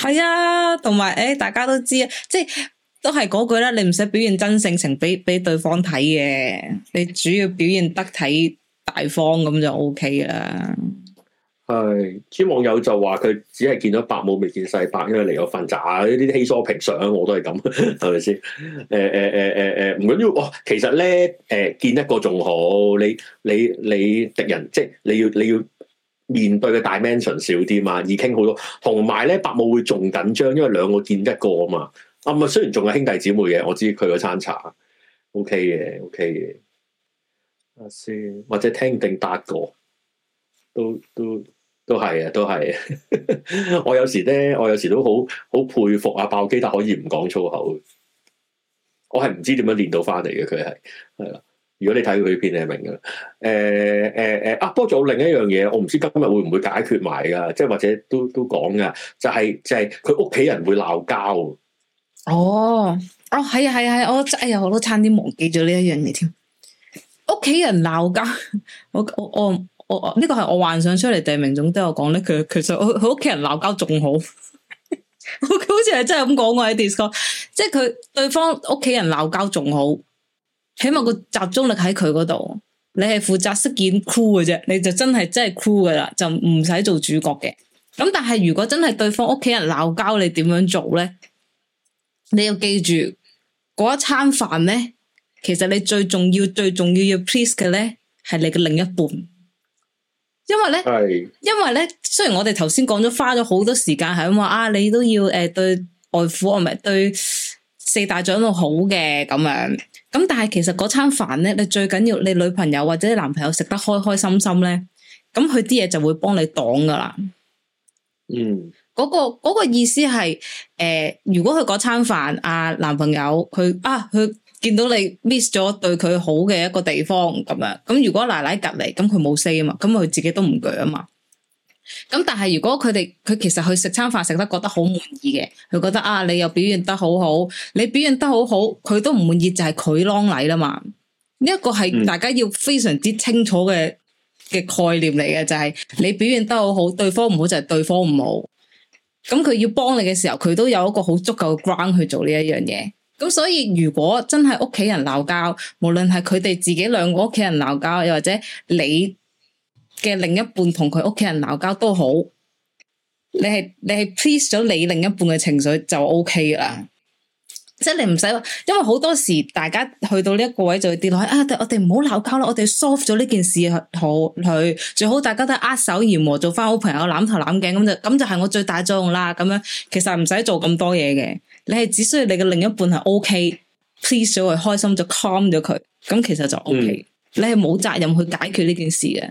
係啊，同埋誒，大家都知啊，即係都係嗰句啦。你唔使表現真性情俾俾對方睇嘅，你主要表現得體大方咁就 O K 啦。係啲網友就話佢只係見到伯母未見世伯，因為嚟咗份仔呢啲稀疏平常，我都係咁，係咪先？誒誒誒誒誒，唔、哎、緊、哎哎、要。哇、哦，其實咧，誒、哎、見一個仲好，你你你敵人，即係你要你要。你要面對嘅 dimension 少啲嘛，已傾好多。同埋咧，伯母會仲緊張，因為兩個見一個啊嘛。啊咪雖然仲有兄弟姊妹嘅，我知佢個餐茶 OK 嘅，OK 嘅。阿先，或者聽不定答個，都都都係啊，都係。都都 我有時咧，我有時都好好佩服啊，爆基但可以唔講粗口。我係唔知點樣練到翻嚟嘅佢係，係啦。是如果你睇佢片的，你係明嘅。誒誒誒，阿波做另一樣嘢，我唔知今日會唔會解決埋噶，即係或者都都講嘅，就係就係佢屋企人會鬧交。哦，哦，係啊，係啊，我哎呀，我都差啲忘記咗呢一樣嘢添。屋企人鬧交，我我我我呢個係我幻想出嚟定明總都有講咧。佢其實佢屋企人鬧交仲好， 佢好似係真係咁講嘅喺 Discord 即係佢對方屋企人鬧交仲好。起碼個集中力喺佢嗰度，你係負責識件 cool 嘅啫，你就真係真係 cool 嘅啦，就唔使做主角嘅。咁但係如果真係對方屋企人鬧交，你點樣做咧？你要記住，嗰一餐飯咧，其實你最重要、最重要要 please 嘅咧，係你嘅另一半，因為咧，係因為咧，雖然我哋頭先講咗花咗好多時間係咁話啊，你都要誒、呃、對外父，唔係對四大長老好嘅咁樣。咁但係其實嗰餐飯咧，你最緊要你女朋友或者男朋友食得開開心心咧，咁佢啲嘢,就會幫你擋噶啦。嗯，嗰個嗰個意思係，誒，如果佢嗰餐飯啊，男朋友佢啊佢見到你 miss 咗對佢好嘅一個地方咁樣，咁如果奶奶隔籬，咁佢冇 say 啊嘛，咁佢自己都唔鋸啊嘛。咁但係如果佢哋佢其實去食餐飯食得覺得好滿意嘅，佢覺得啊你又表現得好好，你表現得好好，佢都唔滿意就係佢啷禮啦嘛。呢一個係大家要非常之清楚嘅嘅概念嚟嘅，就係你表現得好好，對方唔好就係對方唔好。咁佢要幫你嘅時候，佢都有一個好足夠嘅 ground 去做呢一樣嘢。咁所以如果真係屋企人鬧交，無論係佢哋自己兩個屋企人鬧交，又或者你嘅另一半同佢屋企人鬧交都好，你係你係 please 咗你另一半嘅情緒就 OK 啦，即係你唔使話，因為好多時大家去到呢一個位就會跌落去啊！我哋唔好鬧交啦，我哋 soft 咗呢件事好佢，最好大家都握手言和，做翻好朋友，攬頭攬頸咁就咁就係我最大作用啦。咁樣其實唔使做咁多嘢嘅，你係只需要你嘅另一半係 OK，please 咗佢開心就 calm 咗佢，咁其實就 OK、嗯。你係冇責任去解決呢件事嘅。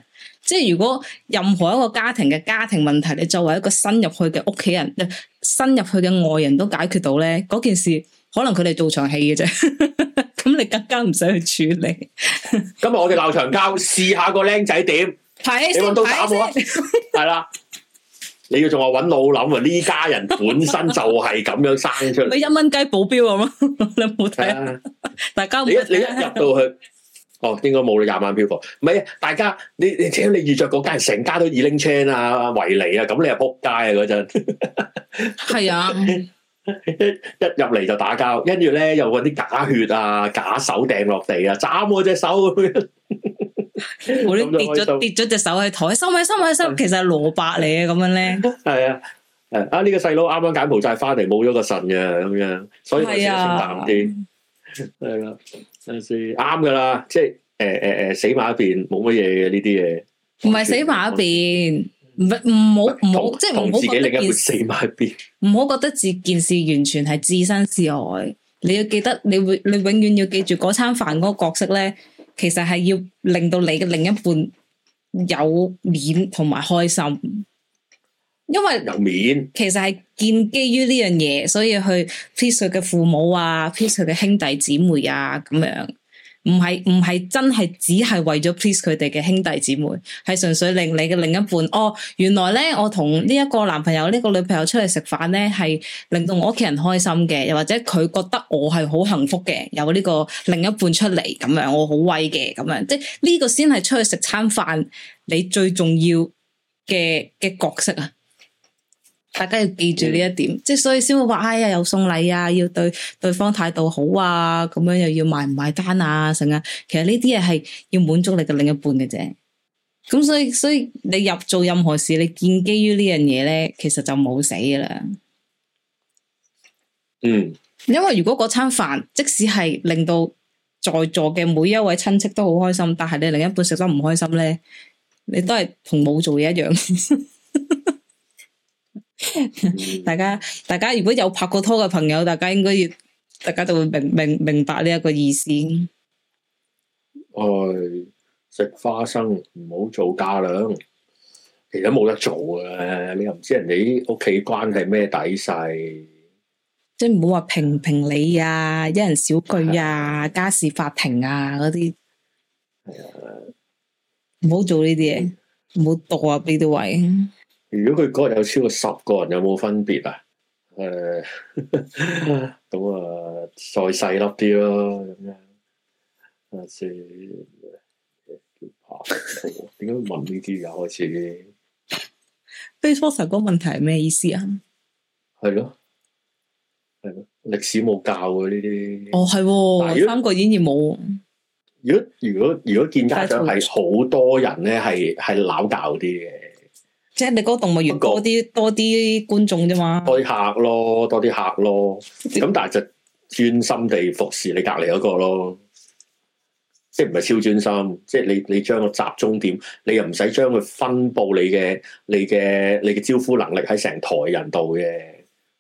即係如果任何一個家庭嘅家庭問題，你作為一個新入去嘅屋企人，新入去嘅外人都解決到咧，嗰件事可能佢哋做場戲嘅啫。咁你更加唔使去處理。今日我哋鬧長交，試下個僆仔點？你揾刀打我啊！係啦，你要仲話揾老林啊？呢 家人本身就係咁樣生出嚟。你一蚊雞保鏢咁 啊？你唔好睇，大家唔好睇。你一入到去。哦，應該冇你廿萬漂過，唔係啊，大家你你聽你預着嗰間，成家，家都二拎 chain 啊，維尼啊，咁你又撲街啊嗰陣，係啊，啊 一入嚟就打交，跟住咧又搵啲假血啊，假手掟落地啊，斬 我隻跌 手咁樣，我啲跌咗跌咗隻手喺台，收咪收咪收，其實係蘿蔔嚟嘅咁樣咧，係啊，啊呢、啊這個細佬啱啱柬埔寨翻嚟，冇咗個腎嘅咁樣，所以佢成日淡啲，係啦、啊。啱噶啦，即係誒誒誒，死埋一邊，冇乜嘢嘅呢啲嘢。唔係死埋一邊，唔唔冇唔冇，即係唔好自己另一半死埋一邊，唔好覺得自己件事完全係置身事外。你要記得，你會你永遠要記住嗰餐飯嗰個角色咧，其實係要令到你嘅另一半有面同埋開心。因為其實係建基於呢樣嘢，所以去 please 佢嘅父母啊 ，please 佢嘅兄弟姊妹啊，咁樣唔係唔係真係只係為咗 please 佢哋嘅兄弟姊妹，係純粹令你嘅另一半哦，原來咧我同呢一個男朋友呢、呢個女朋友出嚟食飯咧，係令到我屋企人開心嘅，又或者佢覺得我係好幸福嘅，有呢個另一半出嚟咁樣，我好威嘅咁樣，即係呢個先係出去食餐飯你最重要嘅嘅角色啊！大家要記住呢一點，嗯、即係所以先會話，哎呀，又送禮啊，要對對方態度好啊，咁樣又要埋唔埋單啊，成啊，其實呢啲嘢係要滿足你嘅另一半嘅啫。咁所以所以你入做任何事，你建基於呢樣嘢咧，其實就冇死噶啦。嗯，因為如果嗰餐飯即使係令到在座嘅每一位親戚都好開心，但係你另一半食得唔開心咧，你都係同冇做嘢一樣。 大家、嗯，大家如果有拍過拖嘅朋友，大家應該要，大家就會明明明白呢一個意思。我、哎、食花生唔好做家娘，其實冇得做啊。你又唔知人哋屋企關係咩底細。即係唔好話評評理啊，一人小句啊， 家事法庭啊嗰啲。係啊，唔、哎、唔好做呢啲嘢，唔好度啊呢啲位。如果佢嗰日有超過十個人，有冇分別啊？誒、嗯，咁啊，再細粒啲咯，咁樣。啊先，點解問呢啲噶？開始。Facebook 成 個問題係咩意思啊？係咯，係咯，歷史冇教嘅呢啲。哦，係喎，三國演義冇。如果如果如果見家長係好多人咧，係係鬧交啲嘅。即係你嗰個動物園多啲多啲觀眾啫嘛，多啲客咯，多啲客咯。咁 但係就專心地服侍你隔籬嗰個咯。即係唔係超專心，即係你你將個集中點，你又唔使將佢分布你嘅、你嘅、你嘅招呼能力喺成台人度嘅。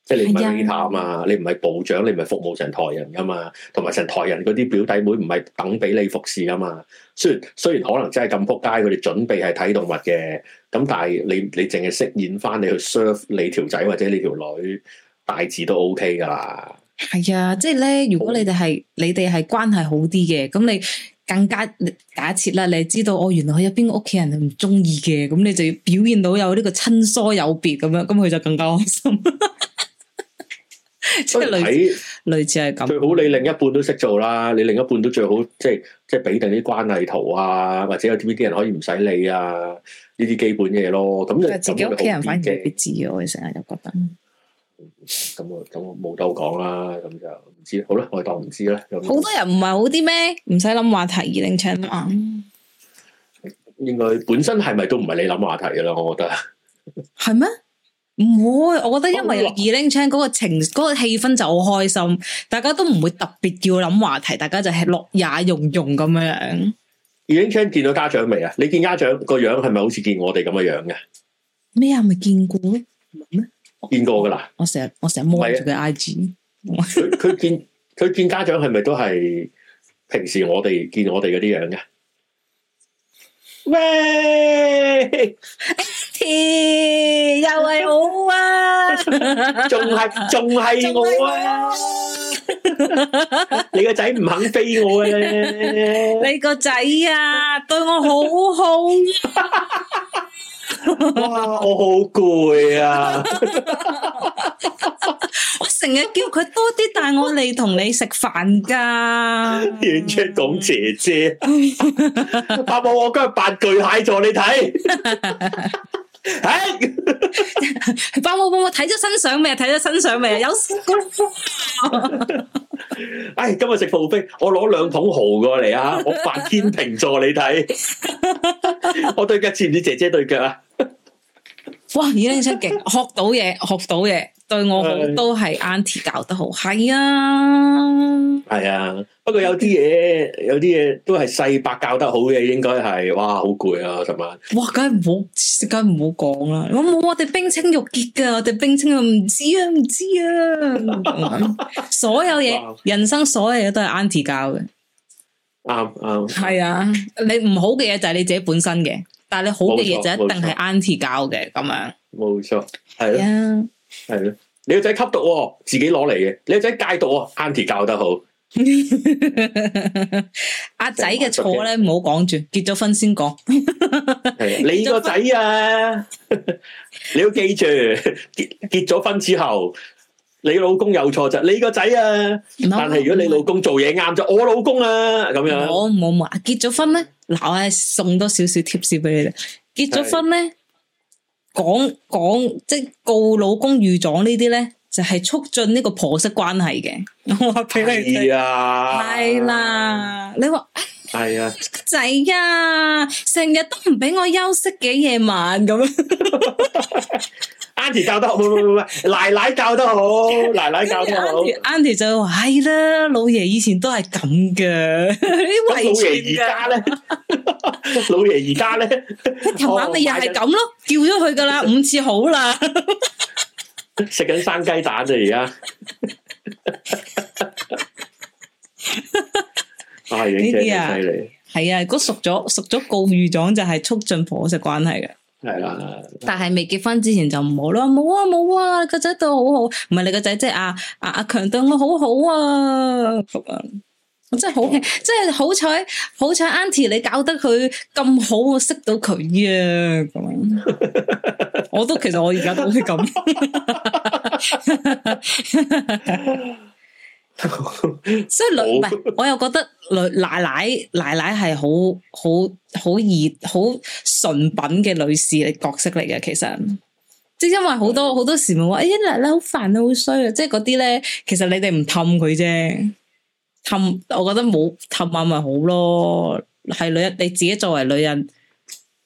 即係你唔係 leader 啊嘛，你唔係部長，你唔係服務成台人噶嘛。同埋成台人嗰啲表弟妹唔係等俾你服侍噶嘛。雖然雖然可能真係咁扑街，佢哋準備係睇動物嘅。咁但係你你淨係飾演翻你去 serve 你條仔或者你條女，大致都 O K 噶啦。係啊，即係咧，如果你哋係你哋係關係好啲嘅，咁你更加假設啦，你知道哦，原來佢有邊個屋企人唔中意嘅，咁你就要表現到有呢個親疏有別咁樣，咁佢就更加開心。即 係類似類似係咁，最好你另一半都識做啦，你另一半都最好即係即係俾定啲關係圖啊，或者有啲邊啲人可以唔使理啊。呢啲基本嘢咯，咁就自己屋企人反而未必知嘅，我哋成日就覺得。咁啊，咁我冇得講啦，咁就唔知好啦，我哋當唔知啦。好多人唔係好啲咩？唔使諗話題，二零槍啊。應該本身係咪都唔係你諗話題嘅啦？我覺得係 咩？唔會，我覺得因為二零槍嗰個情嗰個氣氛就好開心，大家都唔會特別要諗話題，大家就係樂也融融咁樣。已經聽見到家長未啊？你見家長個樣係咪好似見我哋咁嘅樣嘅？咩啊？咪見過咯，見過噶啦。我成日我成日望住佢 IG。佢、啊、 見佢見家長係咪都係平時我哋見我哋嗰啲樣嘅？喂，Etty 又係好啊，仲係仲係我啊！你個仔唔肯畀我嘅咧，你個仔啊，對我好好。哇！我好攰啊， 啊！我成日叫佢多啲帶我嚟同你食飯㗎，完全講姐姐，八寶我今日八巨蟹座，你睇。 哎，幫我幫我睇咗新相未？睇咗新相未？有唉、 哎，今日食刨冰，我攞兩桶蚝過嚟啊！ 我發天秤座你睇， 我對腳似唔似姐姐對腳啊？哇！而家出極，學到嘢，學到嘢，對我好係啊，都係 Aunty 教得好，係啊，係啊。不過有啲嘢，有啲嘢都係世伯教得好嘅，應該係。哇，好攰啊，琴晚。哇，梗係唔好，梗係唔好講啦。有我冇，我哋冰清玉潔㗎，我哋冰清玉啊，唔知啊，唔知啊。所有嘢，人生所有嘢都係 Aunty 教嘅。啱啱。係啊，你唔好嘅嘢就係你自己本身嘅。但係你好嘅嘢就一定係 aunty 教嘅咁樣，冇錯係啊，係咯，你個仔吸毒、哦、自己攞嚟嘅，你個仔戒毒啊 aunty 教得好，阿仔嘅錯咧唔好講住，結咗婚先講， 你個仔啊， 你要記住結結咗婚之後。你老公有錯就，你個仔啊，但係如果你老公做嘢啱咗，就是、我老公啊？咁樣。我冇冇啊？結咗婚咧，嗱我送多少少貼士俾你啦。結咗婚咧，講講即告老公預狀呢啲咧，就係、是、促進呢個婆媳關係嘅。我俾你聽啊？係啦、啊，你話。係啊，仔啊，成日都唔俾我休息幾夜晚咁啊！Auntie 教得好， 奶奶教得好，奶奶教得好。Auntie 就話，係啦，老爺以前都係咁嘅，咁老爺而家咧， 老爺而家咧，琴 晚咪又係咁咯， 叫咗佢噶啦，五次好啦。食 緊生雞蛋啫、啊、呀！ 呢啲啊，係啊，啊啊如果熟咗熟咗告御狀就係促進婆媳關係嘅，係啦。但係未結婚之前就唔好咯，冇啊冇啊，個仔、啊、都好好，唔係你個仔，即係阿阿阿強對我好好啊，嗯嗯、真係好，即係好彩，好彩，Auntie 你搞得佢咁好，我識到佢啊，樣 我都其實我而家都係咁。 所以女唔係，我又覺得女奶奶奶奶係好好好熱好純品嘅女士嘅角色嚟嘅。其實即係因為好多好 多時咪話，哎呀奶奶好煩啊，好衰啊！即係嗰啲咧，其實你哋唔氹佢啫，氹我覺得冇氹啊咪好咯。係女人你自己作為女人，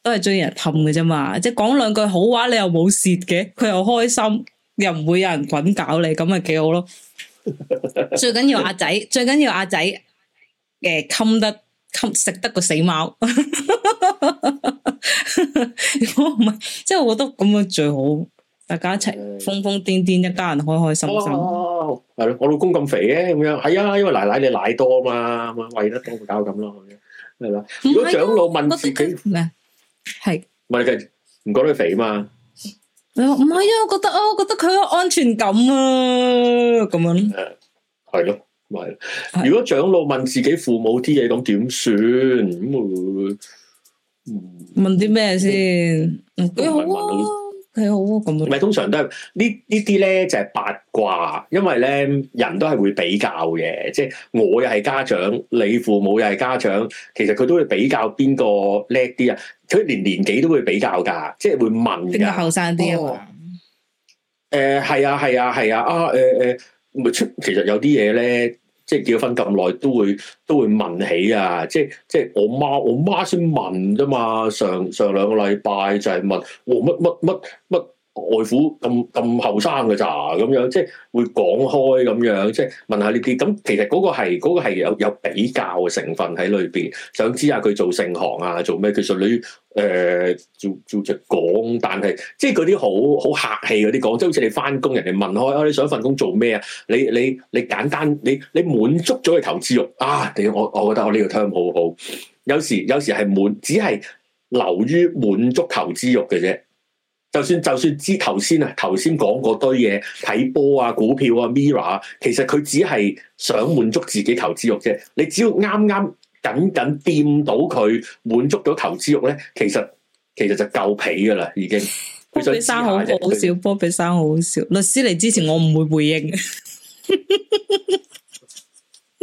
都係中意人氹嘅啫嘛。即係講兩句好話，你又冇蝕嘅，佢又開心，又唔會有人滾搞你，咁咪幾好咯。最緊要阿仔，最緊要阿仔嘅冚得冚食得個死貓。如果唔係，即係我覺得咁樣最好，大家一齊瘋瘋癲癲，一家人開開心心。係咯，我老公咁肥嘅咁樣，係啊，因為奶奶你奶多啊嘛，咁啊餵得多佢搞咁咯，係啦。如果長老問自己，係咪唔覺得佢肥啊嘛？你話唔係啊？我覺得啊，我覺得佢有安全感啊，咁樣。誒，係咯，係。如果長老問自己父母啲嘢，咁點算？咁、嗯、啊，問啲咩先？幾好啊，幾好啊，咁唔咪通常都係呢呢啲咧，這這些就係八卦。因為咧，人都係會比較嘅，即、嗯、係、就是、我又係家長，你父母又係家長，其實佢都會比較邊個叻啲啊。佢連年紀都會比較㗎，即係會問，比較後生啲啊嘛。係啊，係啊，係啊，啊誒誒，咪、呃、出其實有啲嘢咧，即係結咗婚咁耐都會都會問起啊！即係即係我媽，我媽先問啫嘛。上上兩個禮拜就係問我乜乜乜乜。哦外父咁咁後生嘅咋咁樣即係會講開咁樣即係問下你啲咁。其實嗰個係嗰、嗰個係有有比較嘅成分喺裏邊，想知下佢做盛行啊，做咩？佢順利誒、呃、做做只講，但係即係啲好好客氣嗰啲講即係好似你翻工，人哋問開啊，你想份工做咩啊？你你你簡單你你滿足咗嘅投資欲啊！我我覺得我呢個 term 好好。有時有時係滿只係流於滿足投資欲嘅啫。就算就算知頭先啊，頭先講嗰堆嘢睇波啊、股票啊、Mirror 啊，其實佢只係想滿足自己投資欲啫。你只要啱啱緊緊掂到佢滿足到投資欲咧，其實其實就夠皮噶啦，已經。波比生好笑，波比生，好笑，生好笑。律師嚟之前，我唔會回應 可、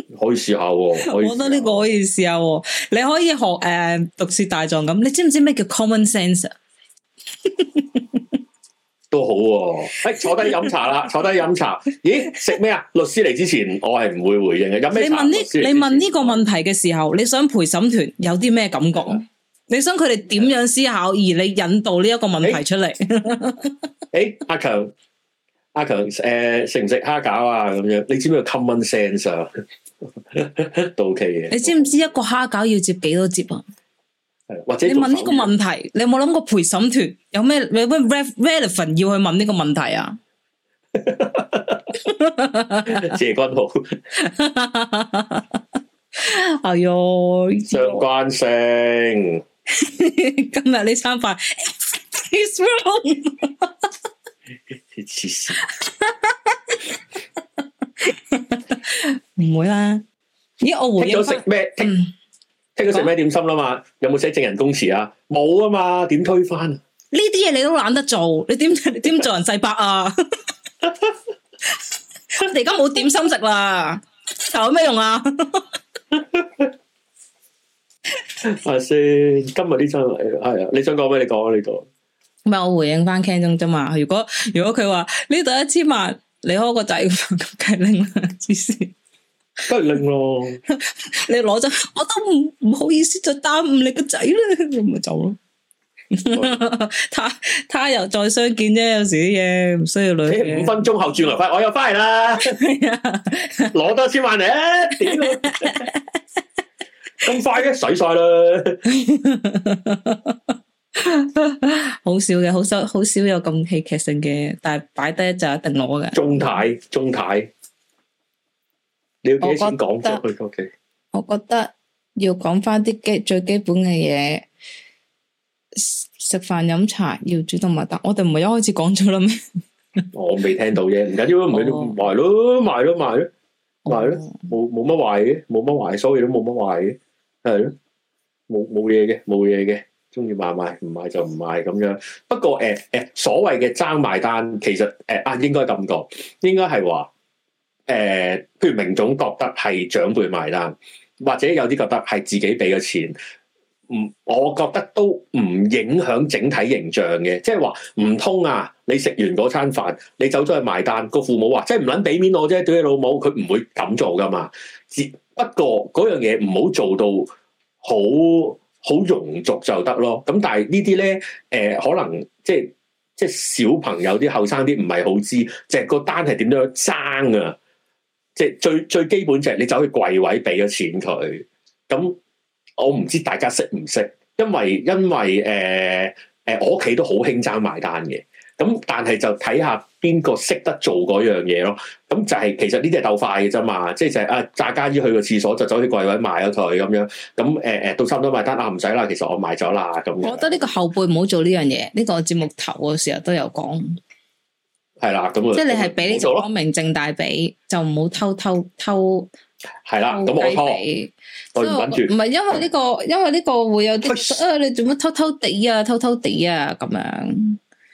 啊。可以試下喎、啊，我覺得呢個可以試下喎、啊啊。你可以學誒、呃，毒舌大狀咁。你知唔知咩叫 common sense？、啊 都好喎、啊，誒、欸，坐低飲茶啦，坐低飲茶。咦，食咩啊？律師嚟之，之前，我係唔會回應嘅。有咩？你問呢？你問呢個問題嘅時候，你想陪審團有啲咩感覺？你想佢哋點樣思考？而你引導呢一個問題出嚟？誒、欸 欸，阿強，阿強，誒、呃，食唔食蝦餃啊？咁樣，你知唔知 common sense？到期嘅，你知唔知一個蝦餃要接幾多折啊？或者你問呢個問題，你有冇諗過陪審團有咩有咩 relevant 要去問呢個問題啊？謝君豪，哎呦，相關性，今日你餐飯，係黐綫，唔會啦。咦，我回咗食咩？聽個食咩點心啦、啊、嘛？有冇寫證人供詞啊？冇啊嘛？點推翻？呢啲嘢你都懶得做，你點點做人世伯啊？ 你而家冇點心食啦，有咩用啊？睇 先、 啊，今日呢真係啊！你想講咩？你講，你講。唔係我回應翻 Canton 啫嘛？如果如果佢話呢度一千萬，你開個仔咁計啦，黐線！得令咯，你攞咗，我都唔唔好意思再耽誤你個仔啦，我咪走咯。 他他又再相見啫，有時啲嘢唔需要女嘅，欸。五分鐘後轉來翻，我又翻嚟啦，攞 拿多千萬嚟啊！咁快嘅，使晒啦。好少嘅，好少好少有咁戲劇性嘅，但係擺低就一定攞嘅。鍾太，鍾太。你要錢覺得講咗佢究竟？我覺得要講翻啲基最基本嘅嘢，食食飯飲茶要主動買單。我哋唔係一開始講咗啦咩？我未聽到啫，唔緊要咯，賣、oh. 咯，賣咯，賣咯，賣咯，冇冇乜壞嘅，冇乜壞，所以都冇乜壞嘅，係咯，冇冇嘢嘅，冇嘢嘅，中意買買，唔買就唔買咁樣。不過誒誒、呃，所謂嘅爭買單，其實誒啊、呃，應該咁講，應該係話。誒、呃，譬如明總覺得係長輩埋單，或者有啲覺得係自己俾嘅錢，唔，我覺得都唔影響整體形象嘅。即係話唔通啊！你食完嗰餐飯，你走咗去埋單，個父母話，即係唔捻俾面我啫，對你老母，佢唔會咁做噶嘛。只不過嗰樣嘢唔好做到好好庸俗就得咯。咁但係呢啲咧，誒、呃，可能即係即係小朋友啲後生啲唔係好知，就係個單係點樣爭啊。即係最最基本就係你走去櫃位俾咗錢佢，咁我唔知大家識唔識，因為因為誒誒、呃、我屋企都好興爭埋單嘅，咁但係就睇下邊個識得做嗰樣嘢咯，咁就係其實呢啲係鬥快嘅啫嘛，即係就啊詐假意去個廁所就走去櫃位買咗佢咁樣，咁誒誒到差唔多埋單啊，唔使啦，其實我買咗啦咁。我覺得呢個後輩唔好做呢樣嘢，呢、呢個節目頭嘅時候都有講。係啦，咁即係你係俾呢個光明正大俾，就唔好偷偷偷。係啦，咁我偷。我唔忍住，唔係因為呢個，因為呢個會有啲，誒、啊，你做乜偷偷地啊，偷偷地啊咁樣。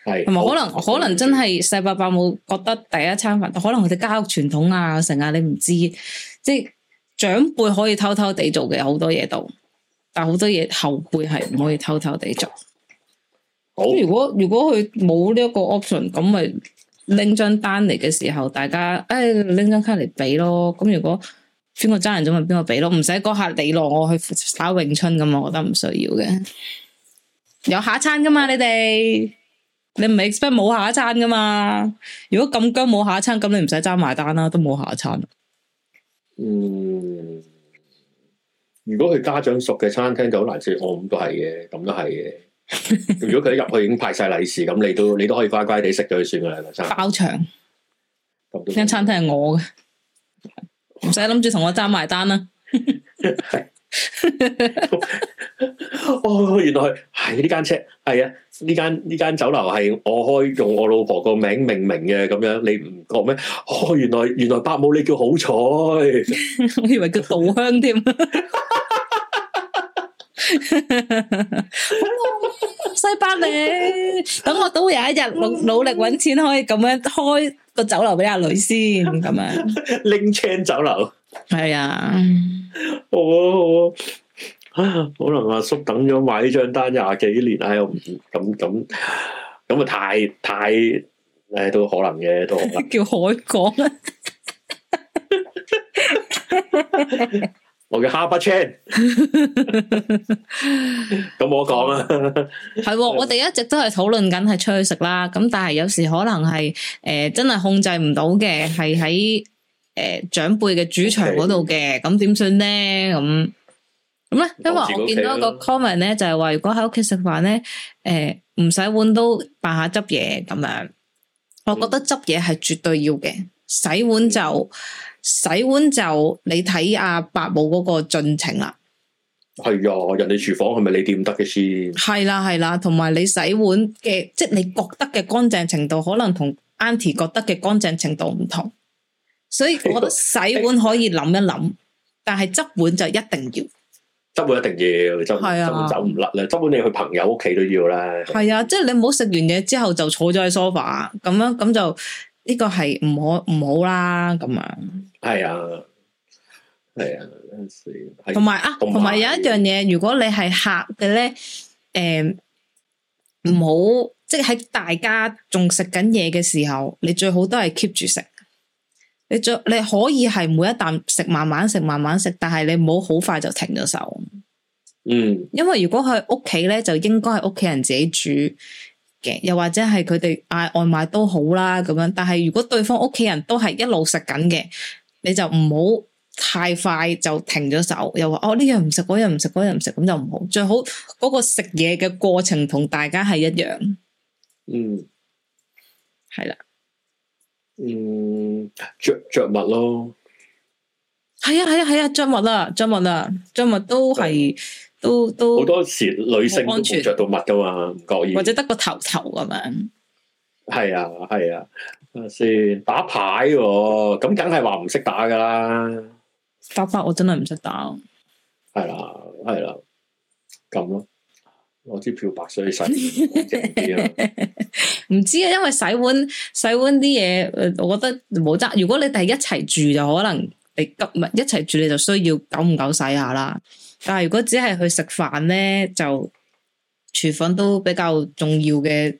係同埋可能可能真係細伯伯冇覺得第一餐飯，可能佢哋家屋傳統啊成啊，你唔知。即係長輩可以偷偷地做嘅好多嘢度，但係好多嘢後輩係唔可以偷偷地做。好，如果如果佢冇呢一個 option，咁咪。拎張單嚟嘅時候，大家誒拎張卡嚟俾咯。咁如果邊個爭人咗咪邊個俾咯，唔使嗰下你攞我去耍詠春咁，我覺得唔需要嘅。有下一餐噶嘛？你哋你唔係 expect 冇下一餐噶嘛？如果咁僵冇下一餐，咁你唔使爭埋單啦，都冇下一餐。嗯，如果佢家長熟嘅餐廳就好難食我，咁都係嘅，咁都係嘅。 如果佢一入去已經派晒利是，咁你都你都可以乖乖哋食咗佢算噶啦，包場。呢間餐廳係我嘅，唔使諗住同我爭埋單啦。 哦，原來係呢間車？係啊，呢間呢間酒樓係我開，用我老婆個名命名嘅，咁樣你唔覺咩？哦，原來原來伯母你叫好彩， 我以為叫稻香添。 好咯，西班牙，等我都有一日努努力揾錢，可以咁樣開個酒樓俾阿女先，咁樣拎車 酒樓。係啊， 好啊好啊，可能阿叔，叔等咗買呢張單廿幾年，唉、哎，咁咁咁啊，太太，誒，都可能嘅，都 叫海港啊。 我叫哈巴 chain 咁 我講啦，係喎，我哋一直都係討論緊係出去食啦，咁但係有時可能係誒、呃、真係控制唔到嘅，係喺誒長輩嘅主場嗰度嘅，咁點算咧？咁咁咧，因為我見到一個 comment 咧就係話，如果喺屋企食飯咧，誒、呃、唔洗碗都扮下執嘢咁樣，我覺得執嘢係絕對要嘅，洗碗就。洗碗就你睇阿、啊、伯母嗰個進程啦，係啊，人哋廚房係咪你掂得嘅先？係啦係啦，同埋你洗碗嘅，即你覺得嘅乾淨程度，可能同 Aunty 覺得嘅乾淨程度唔同，所以我覺得洗碗可以諗一諗，但係執碗就一定要，執碗一定要執，執、啊、碗走唔甩咧，執碗你去朋友屋企都要啦。係啊，即你唔好食完嘢之後就坐咗喺梳化咁樣，咁就。呢個係唔好唔好啦，咁樣。係啊，係啊，死！同埋啊，同埋有一樣嘢，如果你係客嘅咧，誒、嗯、唔好，即係喺大家仲食緊嘢嘅時候，你最好都係 keep 住食。你最你可以係每一啖食，慢慢食，慢慢食，但係你唔好好快就停咗手。嗯。因為如果佢屋企咧，就應該係屋企人自己煮嘅，又或者係佢哋嗌外賣都好啦，咁樣。但係如果對方屋企人都係一路食緊嘅，你就唔好太快就停咗手，又話哦呢樣唔食，嗰樣唔食，嗰樣唔食，咁、那個、就唔好。最好嗰、那個食嘢嘅過程同大家係一樣。嗯，係啦、啊。嗯，着着物咯。係啊係啊係啊，着物啦着物啦着物都係。嗯都都好多時女性都唔着到襪噶嘛，唔覺意或者得個頭頭咁樣。係啊係啊，先打牌，咁梗係話唔識打噶啦。打牌、啊、打爸爸我真係唔識打、啊。係啦係啦，咁攞支漂白水洗唔、 啊、 知啊？因為洗碗洗碗啲嘢，我覺得冇得。如果你第一齊住就可能你急唔一齊住你就需要久唔久洗下啦。但係如果只係去食飯咧，就廚房都比較重要嘅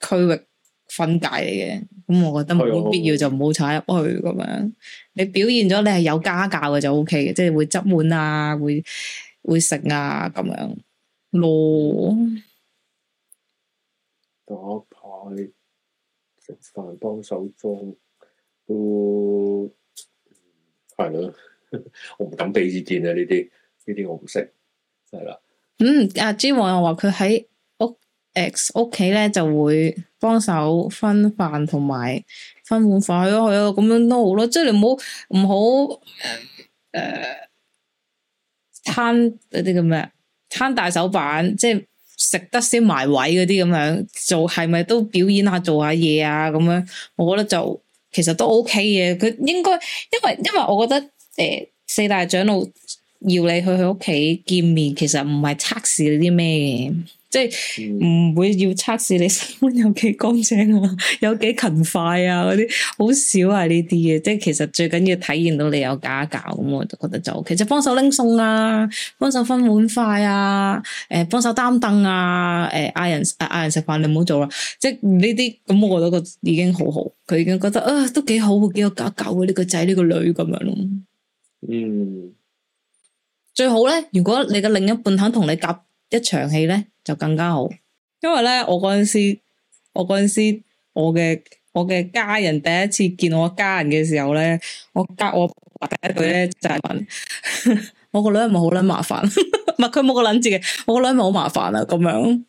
區域分界嚟嘅，咁我覺得冇必要就唔好踩入去咁樣。你表現咗你係有家教嘅，就 OK 嘅，即係會執碗啊，會會食啊咁樣咯。打牌食飯幫手做都係咯，我唔敢俾意見啊呢啲。呢啲我唔識，係啦。嗯，阿、啊、g 王又話佢喺屋 X 屋企咧，就會幫手分飯同埋分碗筷咯，去咯、啊，咁、啊、樣都好咯。即係你唔好唔好誒誒攤嗰啲嘅咩，攤、呃、大手板，即係食得先埋位嗰啲咁樣做，係咪都表演下做下嘢啊？咁樣，我覺得就其實都 O K 嘅。佢應該因為因為我覺得誒、呃、四大長老。要你去佢屋企見面，其實唔係測試你啲咩嘅，即係唔會要測試你身溫有幾乾淨啊，有幾勤快啊嗰啲，好少係呢啲嘢，即係其實最緊要體現到你有家教咁，我就覺得就其實幫手拎餸啊，幫手分碗筷啊，誒、呃，幫手擔凳啊，誒、呃，嗌人嗌、呃、人食飯你唔好做啦，即係呢啲咁，我覺得個已經好好，佢已經覺得啊，都幾好，幾有家教嘅呢、這個仔呢、這個女咁樣咯。嗯。最好咧，如果你嘅另一半肯同你夾一場戲咧，就更加好。因為咧，我嗰陣時，我嗰陣時，我嘅我嘅家人第一次見我家人嘅時候咧，我夾我第一句咧就係、是、問： 我個女係咪好撚麻煩？唔係佢冇個撚字嘅，我個女係咪好麻煩啊？咁樣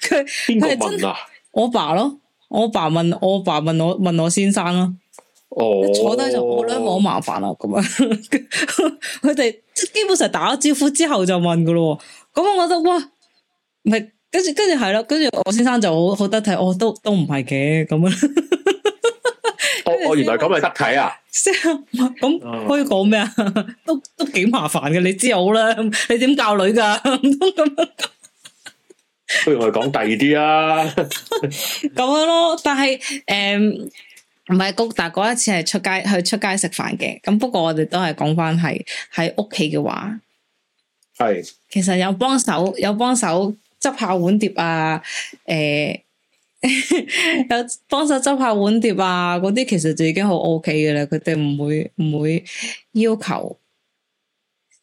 佢佢 真我爸，爸咯，我爸，爸問，我爸，爸問我問我先生咯、啊。哦、oh，一坐低就我兩好麻煩啦，咁樣佢哋即基本上打咗招呼之後就問噶咯，咁我覺得哇，唔係跟住跟住係咯，跟住我先生就好好得體，我、哦、都都唔係嘅咁樣。樣 oh, 我我原來咁係得體啊，是啊，咁可以講咩啊？都都幾麻煩嘅，你知好啦，你點教女噶？不如我哋講第二啲啊，咁 樣咯，但係誒。嗯唔係嗰，但嗰一次係出街去出街食飯嘅。咁不過我哋都係講翻係喺屋企嘅話，係其實有幫手有幫手執下碗碟啊，誒、欸， 有幫手執下碗碟啊，嗰啲其實就已經好 O K 嘅啦。佢哋唔會唔會要求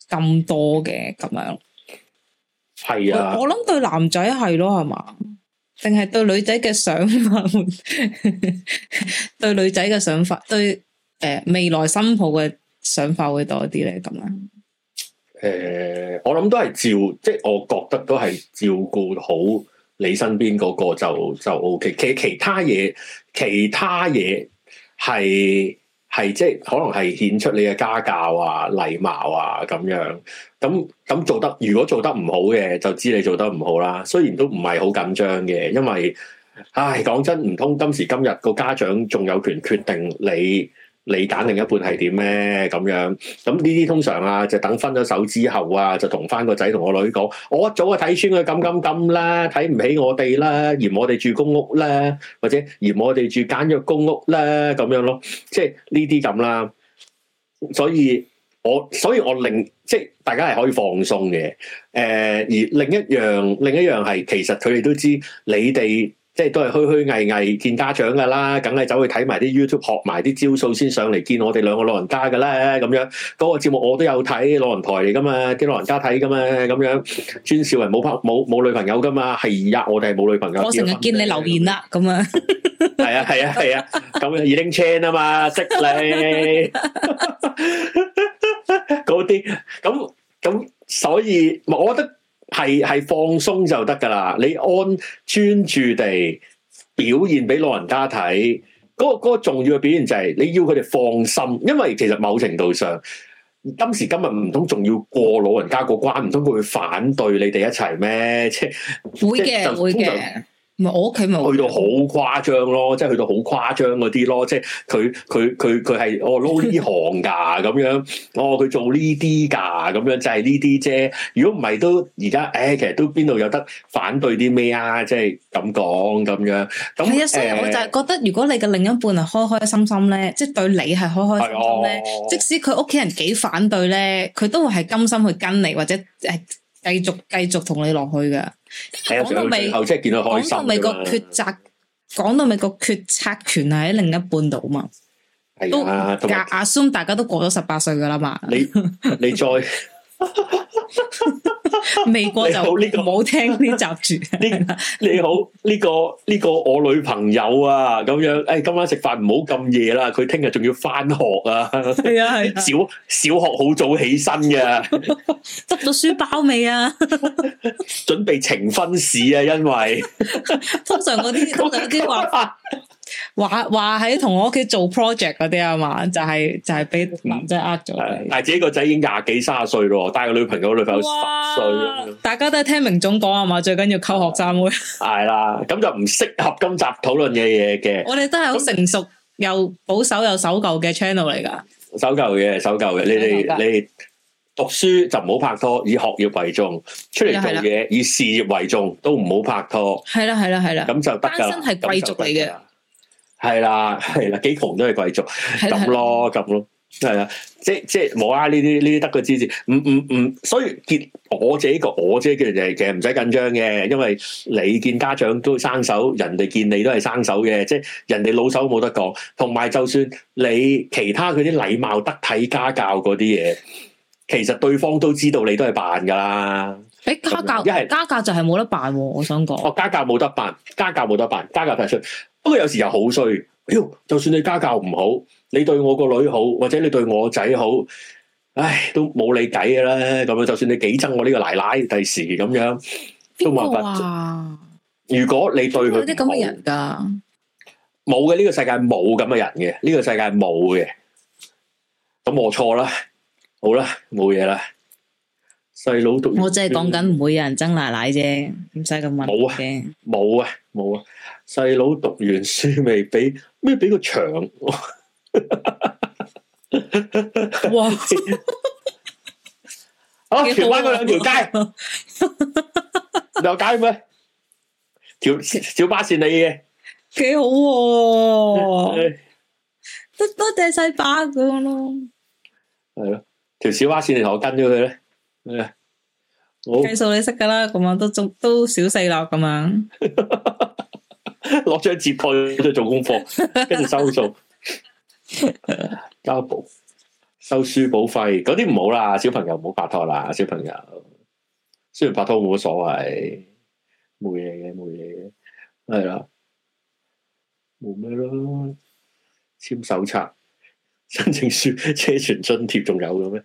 咁多嘅咁樣。係啊，我諗對男仔係咯，係嘛？定係對女仔嘅想法， 想法，對女仔嘅想法，對、呃、誒未來新抱嘅想法會多啲咧，咁樣。誒，我諗都係照，即係我覺得都係照顧好你身邊嗰個就就 OK，其其他嘢其他嘢係。係即係可能係獻出你嘅家教啊、禮貌啊咁樣，咁咁做得，如果做得唔好嘅，就知你做得唔好啦。雖然都唔係好緊張嘅，因為唉講真，唔通今時今日個家長仲有權決定你？你揀另一半係點咧？咁樣咁呢啲通常啊，就等分咗手之後啊，就同翻個仔同個女講：我一早就睇穿佢咁咁咁啦，睇唔起我哋啦，嫌我哋住公屋啦，或者嫌我哋住簡約公屋啦，咁樣咯，即係呢啲咁啦。所以我所以我令即係大家係可以放鬆嘅。誒、呃，而另一樣另一樣係其實佢哋都知你哋。即係都係虛虛偽偽見家長噶啦，梗係走去睇埋啲 YouTube 學埋啲招數先上嚟見我哋兩個老人家噶啦咁樣。嗰個節目我都有睇，老人台嚟噶嘛，啲老人家睇噶嘛咁樣。專少人冇拍冇冇女朋友噶嘛。係呀，我哋係冇女朋友。我成日見你留言啦，咁 啊。係啊係啊係啊，咁耳釘 chain 啊嘛，識你。嗰啲咁咁，所以我覺得。係係，放鬆就得噶啦，你安專注地表現俾老人家睇，嗰個、嗰個重要嘅表現就係你要佢哋放心，因為其實某程度上，今時今日唔通仲要過老人家個關，唔通佢會反對你哋一齊咩？即係會嘅，會嘅。 我屋企咪去到好誇張咯，即係去到好誇張嗰啲咯，即係佢佢佢佢係我撈呢行噶咁樣，我、哦、佢做呢啲噶咁樣，就係呢啲啫。如果唔係都而家，誒、哎，其實都邊度有得反對啲咩啊？即係咁講咁樣。係啊，所以我就係覺得，如果你嘅另一半係開開心心咧，即、就、係、是、對你係開開心心咧、哎，即使佢屋企人幾反對咧，佢都會係甘心去跟你或者誒。繼續繼續同你落去噶，講到尾，講到，到美國抉策，講到美國決策權係喺另一半度嘛，係啊，假阿 s 大家都過咗十八歲噶啦嘛，你你再。 未過就好，呢個唔好聽呢集住。你好，呢、這個呢、這個我女朋友啊，咁樣，誒、哎，今晚食飯唔好咁夜啦，佢聽日仲要翻學啊。係啊係、啊，小小學好早起身嘅，執 咗書包未啊？ 準備情婚事啊，因為 通常嗰啲通常啲玩法。話話喺同我屋企做 project 嗰啲啊嘛，就係就係俾男仔呃咗。但係自己個仔已經廿幾卅歲咯，帶個女朋友女朋友十歲。大家都係聽明總講啊嘛，最緊要溝學生妹。係啦，咁就唔適合今集討論嘅嘢嘅。我哋都係好成熟又保守又守舊嘅 channel 嚟噶。守舊嘅，守舊嘅。你哋你哋，你讀書就唔好拍拖，以學業為重。出嚟做嘢以事業為重，都唔好拍拖。係啦係啦係啦。咁就得噶啦。單身係貴族嚟嘅。係啦，係啦，幾窮都係貴族，咁咯，咁咯，係啊，即係即係冇啊！呢啲呢啲得個資質，唔唔唔，所以結我自己個我啫，其實其實唔使緊張嘅，因為你見家長都生手，人哋見你都係生手嘅，即係人哋老手冇得講，同埋就算你其他嗰啲禮貌得體家教嗰啲嘢，其實對方都知道你都係扮噶啦。你家教家教就係冇得扮喎、啊。我想講，哦，家教冇得扮，家教冇得扮，家教提出。不過有時又好衰，就算你家教唔好，你對我個女好，或者你對我仔好，唉，都冇你計嘅啦。咁啊，就算你幾憎我呢個奶奶，第時咁樣、啊、都冇辦法、啊。如果你對佢冇啲咁嘅人噶，冇嘅呢個世界冇咁嘅人嘅，呢、呢個世界冇嘅。咁我錯啦，好啦，冇嘢啦。細佬讀我真係講緊唔會有人憎奶奶啫，唔使咁問。冇啊，冇啊，冇啊。細佬讀完書未？俾咩、啊？俾個牆哇！好、啊哦，調翻嗰兩條街，條 街咩？條小，小巴線嚟嘅，幾好喎、啊！嗯、多多多得得只細巴咁咯，係咯、啊？條小巴線你同我跟咗佢咧？計、嗯、數你識噶啦，咁樣都都都小細粒咁樣。 攞張紙蓋，去做功課，跟住收數、交補收書補費，嗰啲唔好啦，小朋友唔好拍拖啦，小朋友雖然拍拖冇乜所謂，冇嘢嘅冇嘢嘅，係啦，冇咩咯，簽手冊、申請書、車船津貼，仲有嘅咩？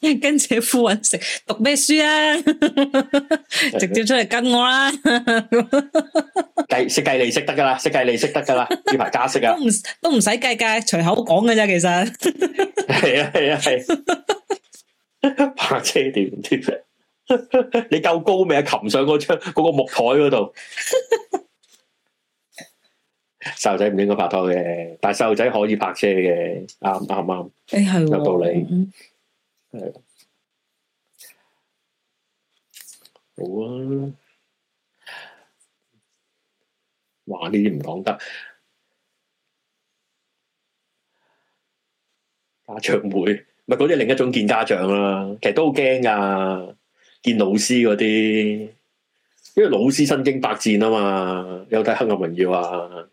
跟住富揾食，讀咩書啊？ 直接出嚟跟我啦 ！計識計利識得噶啦，識計利識得噶啦。呢排加息啊，都唔都唔使計計，隨口講嘅啫。其實係 啊係啊係、啊，泊車短啲嘅， 你夠高未啊？擒上嗰張嗰個木枱嗰度。細路仔唔應該拍拖嘅，但係細路仔可以泊車嘅，啱啱啱。誒，係、哎啊、有道理。嗯係，好啊，哇呢啲唔講得家長會，唔係嗰啲另一種見家長啦，啊。其實都好驚噶，見老師嗰啲，因為老師身經百戰啊嘛，有睇《黑暗榮耀》啊。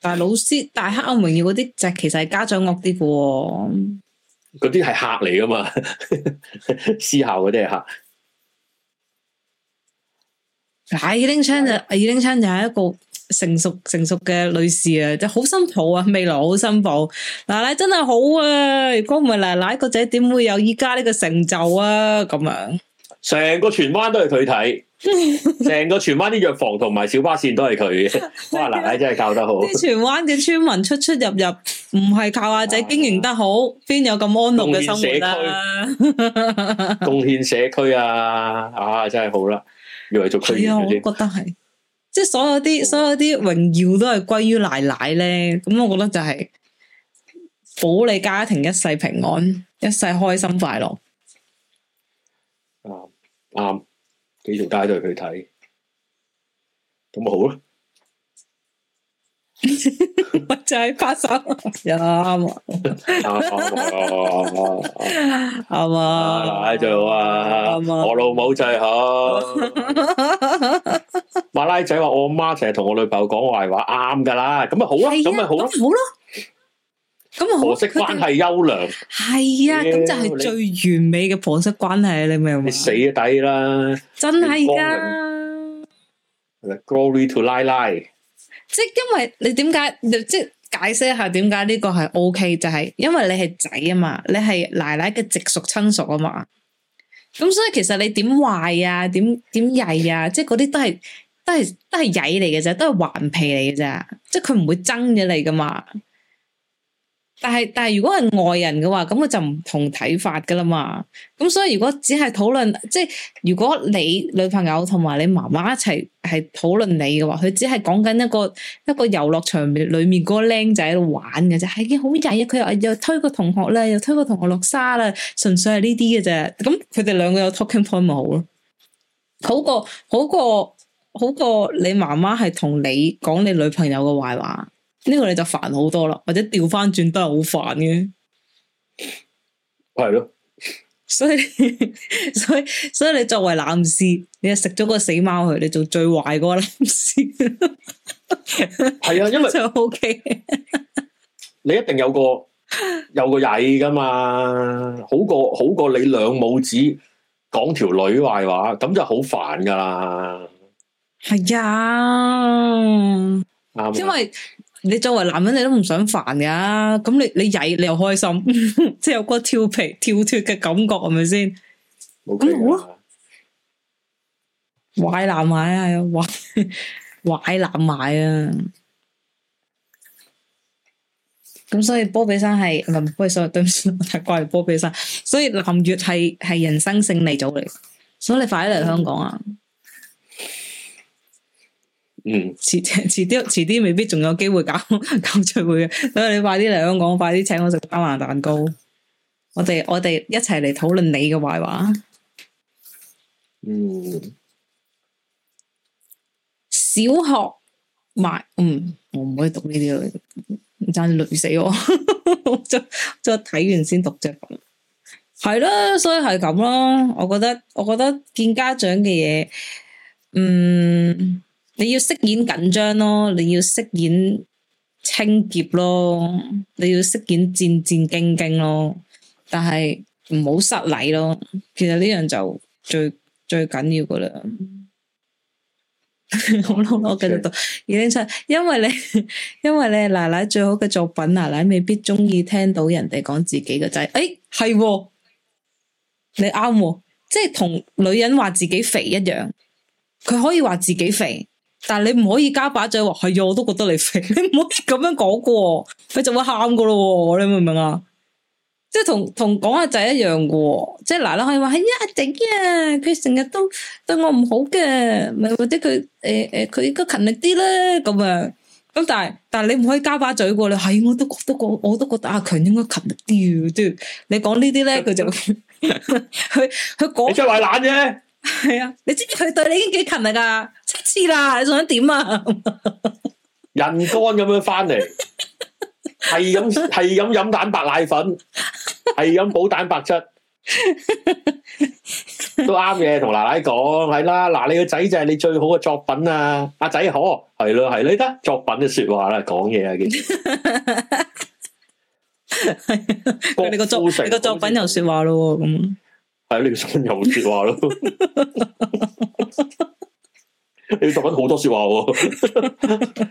但係老師大黑暗榮耀嗰啲就其實係家長惡啲嘅，嗰啲係客嚟噶嘛 私校嗰啲係客。阿爾丁昌就阿爾丁昌就係一個成熟成熟嘅女士啊，就好心抱啊，未來好心抱。奶奶真係好啊，如果唔係奶奶個仔點會有依家呢個成就啊，咁樣。成個荃灣都係佢睇，成個荃灣啲藥房同埋小巴線都係佢嘅。哇，奶奶真係教得好！荃灣嘅村民出出入入，唔係靠阿仔經營得好，邊、啊、有咁安樂嘅生活、啊、獻社區啦？貢 獻社區啊，啊真係好啦，要係做區長、啊、我覺得係，即係所有啲所有啲榮耀都係歸於奶奶咧。咁我覺得就係，保你家庭一世平安，一世開心快樂。嗱、啊。啱，幾條街都係去睇，咁咪好咯。就係拍手，又啱，啱啊，啱啊，奶奶最好啊，我老母最好。馬拉仔話：我阿媽成日同我女朋友講壞話，啱噶啦，咁咪好咯，咁咪好咯，好咯。咁婆媳關係優良係啊，咁、欸、就係最完美嘅婆媳關係，你明唔明？你死抵啦！真係噶！The glory to 奶奶。即係因為你點解？即係解釋一下點解呢個係 O K？就係因為你係仔啊嘛，你係奶奶嘅直屬親屬啊嘛。咁所以其實你點壞啊？點點曳啊？即係嗰啲都係都係都係曳嚟嘅啫，都係頑皮嚟嘅啫。即係佢唔會憎咗你噶嘛。但係但係，如果係外人嘅話，咁佢就唔同睇法噶啦嘛。咁所以如果只係討論，即係如果你女朋友同埋你媽媽一齊係討論你嘅話，佢只係講緊一個一個遊樂場裏面嗰個僆仔喺度玩嘅啫，係嘅好曳啊！佢又又推個同學啦，又推個同學落沙啦，純粹係呢啲嘅啫。咁佢哋兩個有 talking point 咪好咯，好過好過好過你媽媽係同你講你女朋友嘅壞話。呢、這個你就煩好多啦，或者調翻轉都係好煩嘅，係咯。所以所以所以你作為男士，你食咗個死貓去，你做最壞嗰個男士。係 啊，因為 O K，你一定有個有個曳噶嘛，好過好過你兩母子講條女壞話，咁就好煩噶啦。係啊，啱，因為。你作為男人，你都唔想煩㗎，咁你你曳，你又開心，即係有嗰個調皮跳脫嘅感覺，係咪先？咁好啦，壞男買啊，係壞壞男買啊！咁所以波比山係唔係波比山？對唔住，我掛住波比山。所以林月係係人生勝利組嚟，所以你快啲嚟香港啊！嗯，遲遲啲，遲啲未必仲有機會搞搞聚會嘅，所以你快啲嚟香港，快啲請我食加拿蛋糕，我哋我哋一齊嚟討論你嘅壞話。嗯，小學埋，嗯，我唔可以讀呢啲，爭啲累死我，再再睇完先讀啫，這個。係囉，所以係咁咯。我覺得，我覺得見家長嘅嘢，嗯。你要飾演緊張咯，你要飾演清潔咯，你要飾演戰戰兢兢咯，但係唔好失禮咯。其實呢樣就最最緊要㗎喇。好咯，我繼續讀二零七，因為你，因為你奶奶最好嘅作品，奶奶未必中意聽到人哋講自己嘅仔。誒、哎，係、哦，你啱、哦，即係同女人話自己肥一樣，佢可以話自己肥。但係你唔可以加把嘴話，係啊，我都覺得你肥，你唔可以咁樣講過，佢就會喊個咯，你明唔明啊？即係同同講阿仔一樣個，即係嗱啦可以話係啊，阿整啊，佢成日都對我唔好嘅，咪或者佢誒誒，佢、呃呃、應該勤力啲咧咁啊。咁但係但係你唔可以加把嘴過你係我都覺得我我都覺得阿強應該勤力啲，即係你講呢啲咧，佢就佢佢講你即係話懶啫。係啊，你知唔知佢對你已經幾勤力啦？七次啦，你仲想點啊？ 人乾咁樣翻嚟，係咁係咁飲蛋白奶粉，係咁補蛋白質， 都啱嘅。同奶奶講係啦，嗱、啊，你個仔就係你最好嘅作品啊！阿仔可係咯，係你得作品嘅說話啦，講嘢啊，見。係你個作你個 作品又說話咯，咁。唉， 你要再搵又說話咯！你要再搵好多說話喎、啊，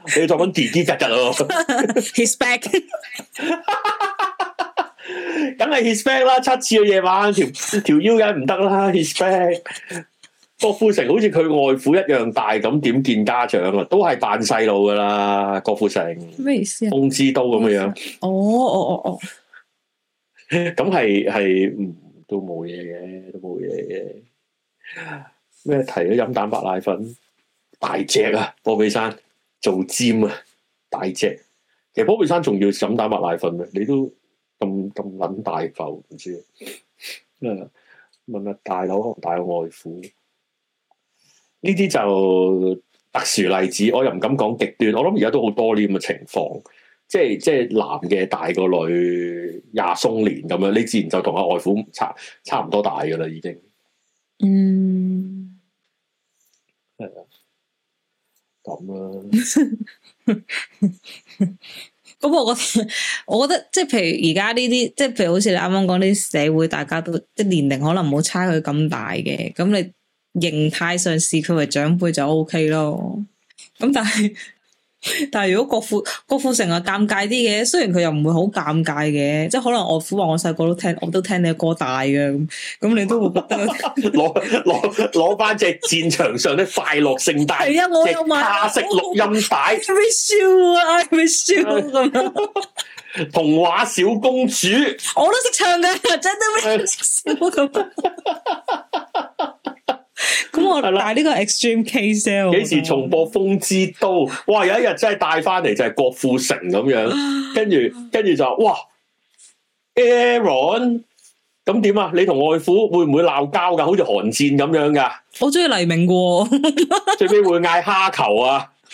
你要再搵跌跌扎扎咯。His back 梗係 his back 啦，七次嘅夜晚，條條腰梗唔得啦。his back 郭富城好似佢外父一樣大咁，點見家長啊？都係扮細路噶啦，郭富城。咩意思啊？風之刀咁樣。哦哦哦哦、 嗯，咁係係。都冇嘢嘅，都冇嘢嘅。咩提咗飲蛋白奶粉，大隻啊！波比山做尖啊，大隻。其實波比山仲要飲蛋白奶粉啊！你都咁咁撚大嚿，唔知啊。問下大佬，大外父呢啲就特殊例子，我又唔敢講極端。我諗而家都好多呢咁嘅情況。即係即係男嘅大個女廿鬆年咁樣，你自然就同阿外父差差唔多大㗎喇，已經。嗯。係啊。咁啊。咁我我我覺得，我覺得即係譬如而家呢啲，即係譬如好似你啱啱講啲社會，大家都即係年齡可能冇差佢咁大嘅，咁你形態上視佢為長輩就 O、OK、K 咯。咁但係。 但係如果郭富郭富城啊，尷尬啲嘅，雖然佢又唔會好尷尬嘅，即係可能岳父我父話我細個都聽，我都聽你嘅歌大嘅咁，咁你都攞攞攞翻隻戰場上的快樂聖誕，係 啊，我有買卡式錄音帶 ，I wish you 啊，I wish you 咁 童話小公主， 我都識唱嘅真 just wish you 咁。 咁我帶呢個 extreme case 啊，幾時重播《風之都》？哇！有一日真係帶翻嚟就係郭富城咁樣，跟住跟住就哇 Aaron，咁點啊？你同外父會唔會鬧交㗎？好似寒戰咁樣㗎？我鍾意黎明喎， 最尾會嗌蝦球啊！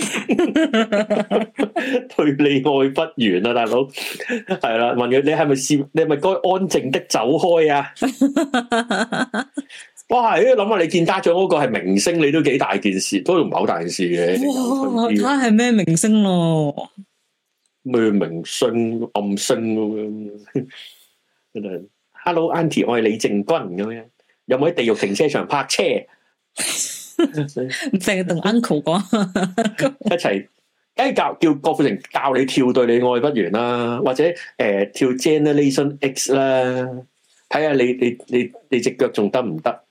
對你愛不完啊，大佬係啦？問佢你係咪笑？你係咪該安靜的走開啊？哇！諗、欸、下你見家長嗰個係明星，你都幾大件事，都唔係好大件事嘅。我睇下係咩明星咯？咪明星暗星咁樣。Hello，Auntie，我係李正軍咁樣。有冇喺地獄停車場泊車？淨係同 Uncle 講，一齊。哎教叫郭富城教你跳對，你愛不完啦、啊。或者誒、呃、跳 Generation X 啦，睇下你你你你隻腳仲得唔得？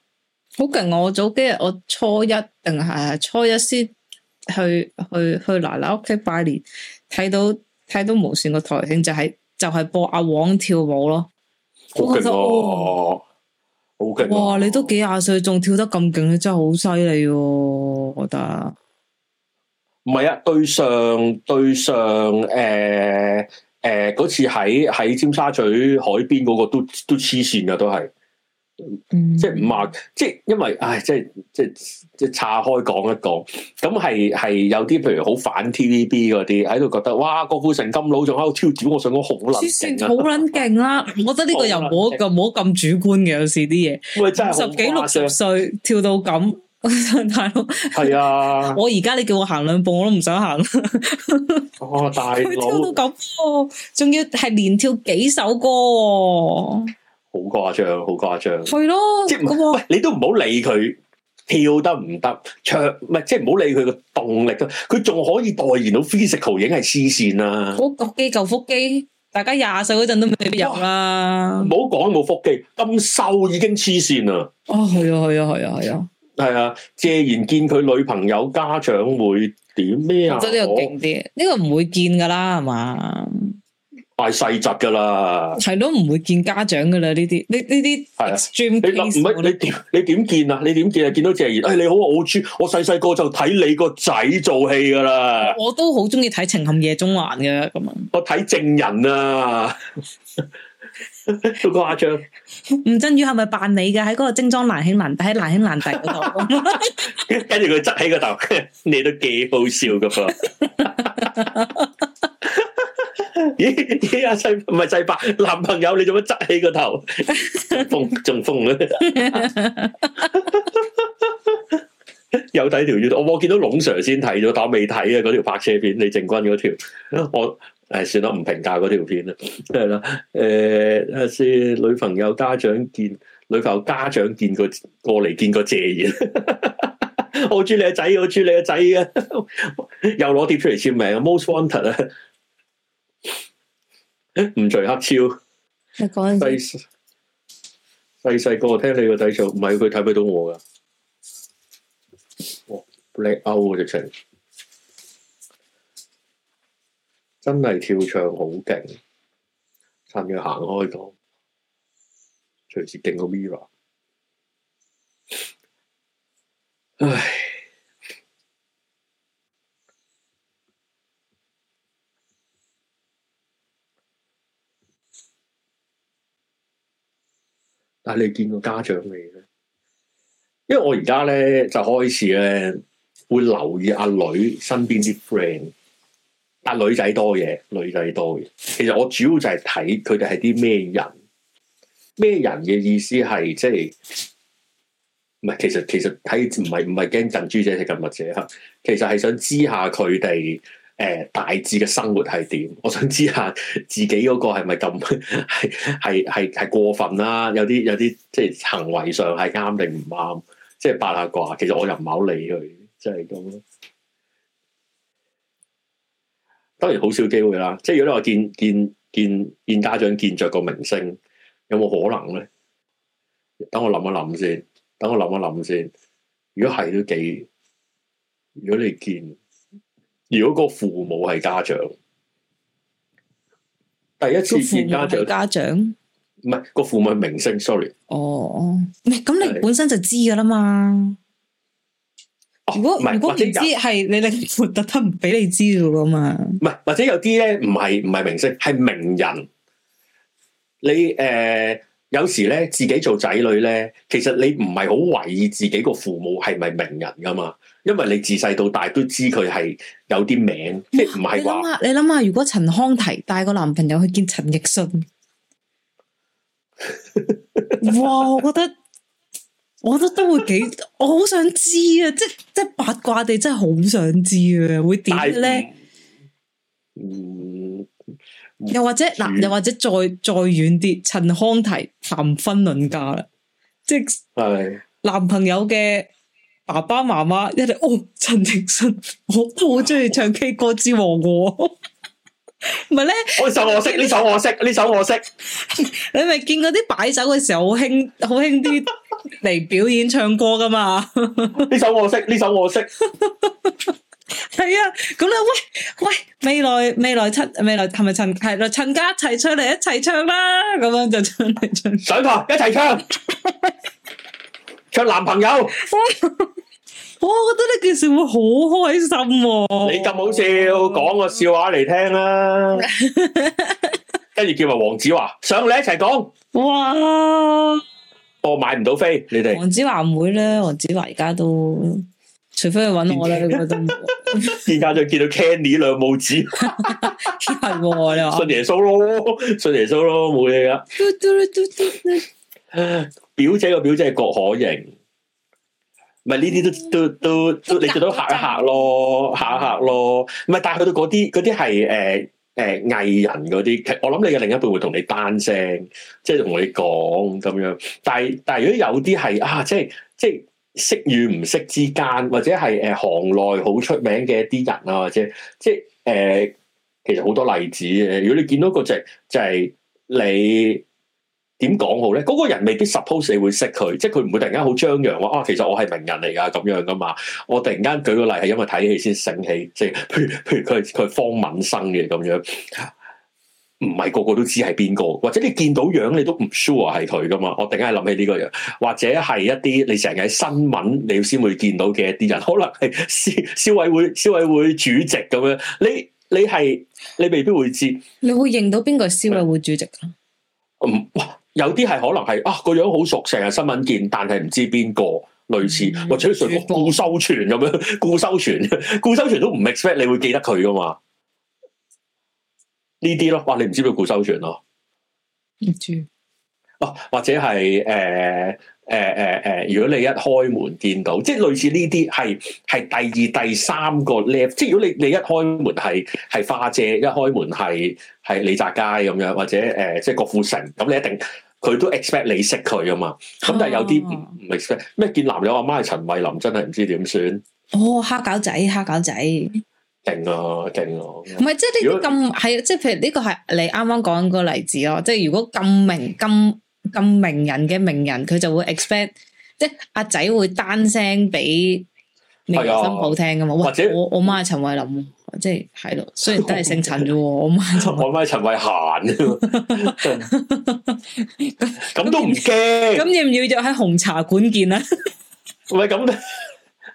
好勁！我早幾日，我初一定係初一先去去去奶奶屋企拜年，睇到睇到無綫個台慶就係、是、就係、是、播阿王跳舞咯。好勁喎！好勁！哇、啊哦啊！你都幾廿歲仲跳得咁勁，你真係好犀利！我覺得唔係啊，對上對上誒誒嗰次喺喺尖沙咀海邊嗰個都都黐線噶，都係。都即係唔、啊！即係因為唉，即係即係即係岔開講一講，咁係係有啲譬如好反 TVB 嗰啲喺度覺得哇，郭富城咁老，仲喺度挑戰，我上講好卵，算好撚勁啦！啊、 我覺得呢個又冇好咁冇咁主觀嘅，有時啲嘢，五十幾六十歲跳到咁 大佬，係啊！ 我而家你叫我行兩步，我都唔想行。哇、 哦！大佬跳到咁，啊，仲要係連跳幾首歌，啊。好誇張，好誇張，係咯，即係唔，你都唔好理佢跳得唔得，唱唔係，即係唔好理佢個動力咯。佢仲可以代言到 physical 影係黐線啦。嗰腹肌，舊腹肌，大家廿歲嗰陣都未必有啦，啊。唔好講冇腹肌，咁瘦已經黐線啦。哦，係啊，係啊，係啊，係啊，係 啊。謝賢見佢女朋友家長會點咩啊？真係呢個勁啲，呢、這個唔會見噶啦，係嘛？太細集噶啦，係咯，唔會見家長噶啦呢啲，呢呢啲係啊。你諗唔係你點你點見啊？你點見啊？見到謝賢，誒、哎、你好啊，我好我細細個就睇你個仔做戲噶啦。我都好中意睇《情陷夜中環》噶，咁我睇證人啊 個 是是，都誇張。吳鎮宇係咪扮你噶？喺嗰個精裝難兄難弟，喺難兄難弟嗰度，跟住佢側起個頭， 你都幾好笑噶。 咦咦，阿細唔係細伯男朋友，你做乜？執起個頭？中 風瘋呢，中風啦！又睇條魚，我我見到龍 Sir 先睇咗，但我未睇啊嗰條拍車片，李靜君嗰條，我誒、哎、算啦，唔評價嗰條片啦。係啦，誒、呃，阿女朋友家長見女朋友家長見過過嚟見過謝賢， 我中你個仔、啊，我中你個仔又攞碟出嚟簽名，Most Wanted 啊！唔除黑超，細細細個我聽你個底唱，唔係佢睇唔到我噶，Black Out 嘅，直情，真係跳唱好勁，趁佢行開檔，隨時勁過 Viva，唉。但、啊、你見過家長未咧？因為我而家咧就開始咧會留意阿女身邊啲 friend，但女仔多嘢，女仔多嘢。其實我主要就係睇佢哋係啲咩人，咩人嘅意思係即係唔係？其實其實睇唔係唔係驚掙豬仔食緊物仔吓，其實係想知下佢哋。誒、呃，大致嘅生活係點？我想知下自己嗰個係咪咁係係係係過分啦、啊？有啲有啲即係行為上係啱定唔啱？即係八下卦，其實我又唔係好理佢，即係咁咯。當然好少機會啦。即係如果你話見見見見家長見着個明星，有冇可能咧？等我諗一諗先，等我諗一諗先。如果係都幾，如果你見。如果個父母係家長，第一次見家長，家長唔係個父母係明星，sorry。哦，唔係咁，你本身就知噶啦嘛、oh, 如。如果如果唔知係你另一半特登唔俾你知噶嘛？唔係，或者有啲咧唔係唔係明星，係名,名人。你誒。呃有時咧，自己做仔女咧，其實你唔係好懷疑自己個父母係咪名人㗎嘛？因為你自細到大都知佢係有啲名，即係唔係話。你諗下，你諗下，如果陳康堤帶個男朋友去見陳奕迅， 哇！我覺得，我覺得都會幾， 我好想知啊！即係即係八卦地，真係好想知啊！會點咧？又或者嗱，又或者再再遠啲，陳康堤談婚論嫁啦，即係男朋友嘅爸爸媽媽一定：「哦，陳奕迅，我都好中意唱 K 歌之王嘅，唔係咧，我首我識呢首我識呢首我識，你咪見嗰啲擺酒嘅時候好興好興啲嚟表演唱歌噶嘛，呢 首我識呢首我識。 係啊，咁樣，喂喂，未來未來陳未來係咪陳係嚟陳家一齊出嚟一齊唱啦，啊？咁樣就唱嚟唱上台一齊唱，起唱， 唱男朋友。哇我覺得呢件事會好開心啊！你咁好笑，講個笑話嚟聽啦，啊，跟 住叫埋黃子華上嚟一齊講。哇！我買唔到飛，你哋黃子華唔會啦，黃子華而家都。除非你揾我啦，而 家就見到 Candy 兩母子，信耶穌咯，信耶穌咯，冇嘢噶。表姐個表姐係郭可盈，咪呢啲都都都都，你做到嚇一嚇咯，嚇一嚇咯，唔係但係去到嗰啲嗰啲係誒誒藝人嗰啲，我諗你嘅另一半會同你單聲，即係同你講咁樣，但係但係如果有啲係啊，即係即係。識與唔識之間，或者係誒、呃、行內好出名嘅一啲人啊，或者即係誒、呃，其實好多例子嘅。如果你見到個就係就係你點講好咧？嗰、嗰個人未必 suppose 你會識佢，即係佢唔會突然間好張揚話啊，其實我係名人嚟噶咁樣噶嘛。我突然間舉個例係因為睇戲先醒起，即係譬如譬如佢係佢係方敏生嘅咁樣。唔係個個都知係邊個，或者你見到樣你都唔 sure 係佢噶嘛？我突然間諗起呢個人，或者係一啲你成日喺新聞你先會見到嘅一啲人，可能係消消委會消委會主席咁樣。你你係你未必會知，你會認到邊個消委會主席、嗯、有些是可能是啊？唔哇，有啲係可能係啊個樣好熟，成日新聞見，但係唔知邊個類似，或者純粹顧修全咁樣？顧修全顧修全都唔 expect 你會記得佢噶嘛？呢啲咯，哇！你唔知咪固收算咯、啊？唔、嗯、知哦，或者係誒誒誒誒，如果你一開門見到，即係類似呢啲係係第二、第三個 level 即係如果你你一開門係係花姐，一開門係係李澤楷，咁樣，或者誒即係郭富城咁，你一定佢都 expect 你識佢噶嘛？咁但係有啲唔、啊、expect 咩？見男友阿媽係陳慧琳，真係唔知點算。哦，黑狗仔，黑狗仔。勁咯，勁咯。唔係，即係呢啲咁係啊，即係、啊、譬如呢個係你啱啱講個例子咯。即係如果咁名咁咁名人嘅名人，佢就會 expect，即係阿仔會單聲俾名人新抱聽噶嘛？或者我我媽係陳慧琳，即係係咯，雖然都係姓陳啫。 我媽我媽陳慧嫻。咁都唔驚，咁要唔要約喺紅茶館見啊？唔係咁。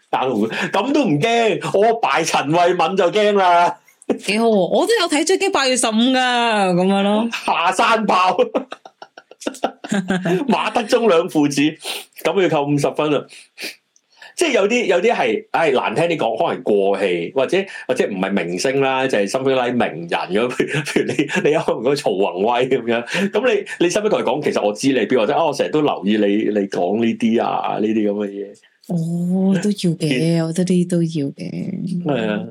打咁都唔驚，我敗陳慧敏就驚啦。幾好，我都有睇《追擊八月十五》㗎，咁樣咯。下山炮， 馬德鐘兩父子，咁要扣五十分啊。即係有啲有啲係，唉、哎、難聽啲講，可能過氣，或者或者唔係明星啦，就係身邊拉名人咁。譬如你你可能嗰個曹宏威咁樣，咁你你身份同佢講，其實我知你，譬如或者啊，我成日都留意你你講呢啲啊呢啲咁嘅嘢。這哦，都要嘅，我覺得呢啲都要嘅。係啊，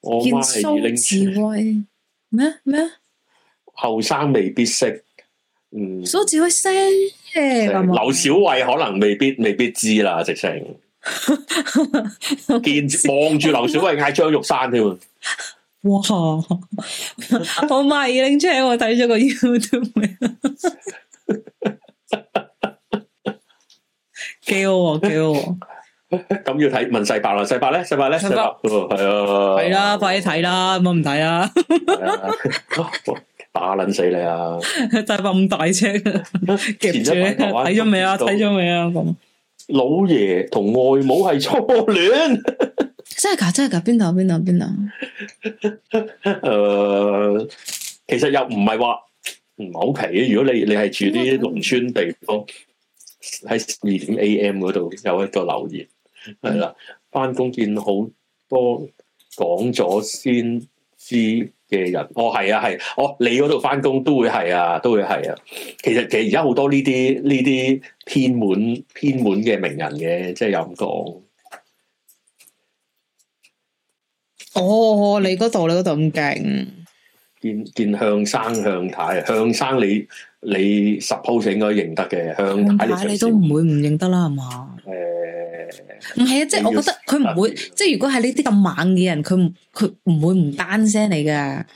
我媽二拎車咩咩？後生未必識，嗯。蘇志威識嘅，劉小慧可能未必未必知啦，直情。見望住劉小慧嗌張玉山添。 哇！ 哇 我媽二拎車， 我睇咗個 YouTube。 驚喎驚喎，咁、啊、 要睇問世伯啦，世伯咧，世伯咧，世伯。係、哦、啊，係啦，快啲睇啦，乜唔睇啊？打捻死你啊！世伯咁大尺，夾住睇咗未啊？睇咗未啊？咁老爺同外母係初戀，真係噶真係噶，邊度邊度邊度？誒，其實又唔係話唔好奇，如果你你係住啲農村地方。喺二點 A.M. 嗰度有一個留言，係啦、啊，翻工見好多講咗先知嘅人，哦係啊係、啊，哦你嗰度翻工都會係啊，都會係啊，其實其實而家好多呢啲呢啲偏門偏門嘅名人嘅，即係有咁講。哦，你嗰度你嗰度咁勁。見見向生、向太、向生，你你十鋪醒應該認得嘅，向、向太你都唔會唔認得啦係嘛？誒，唔、欸、係啊，即係我覺得佢唔會，即係如果係呢啲咁猛嘅人，佢唔佢唔會唔單聲你噶，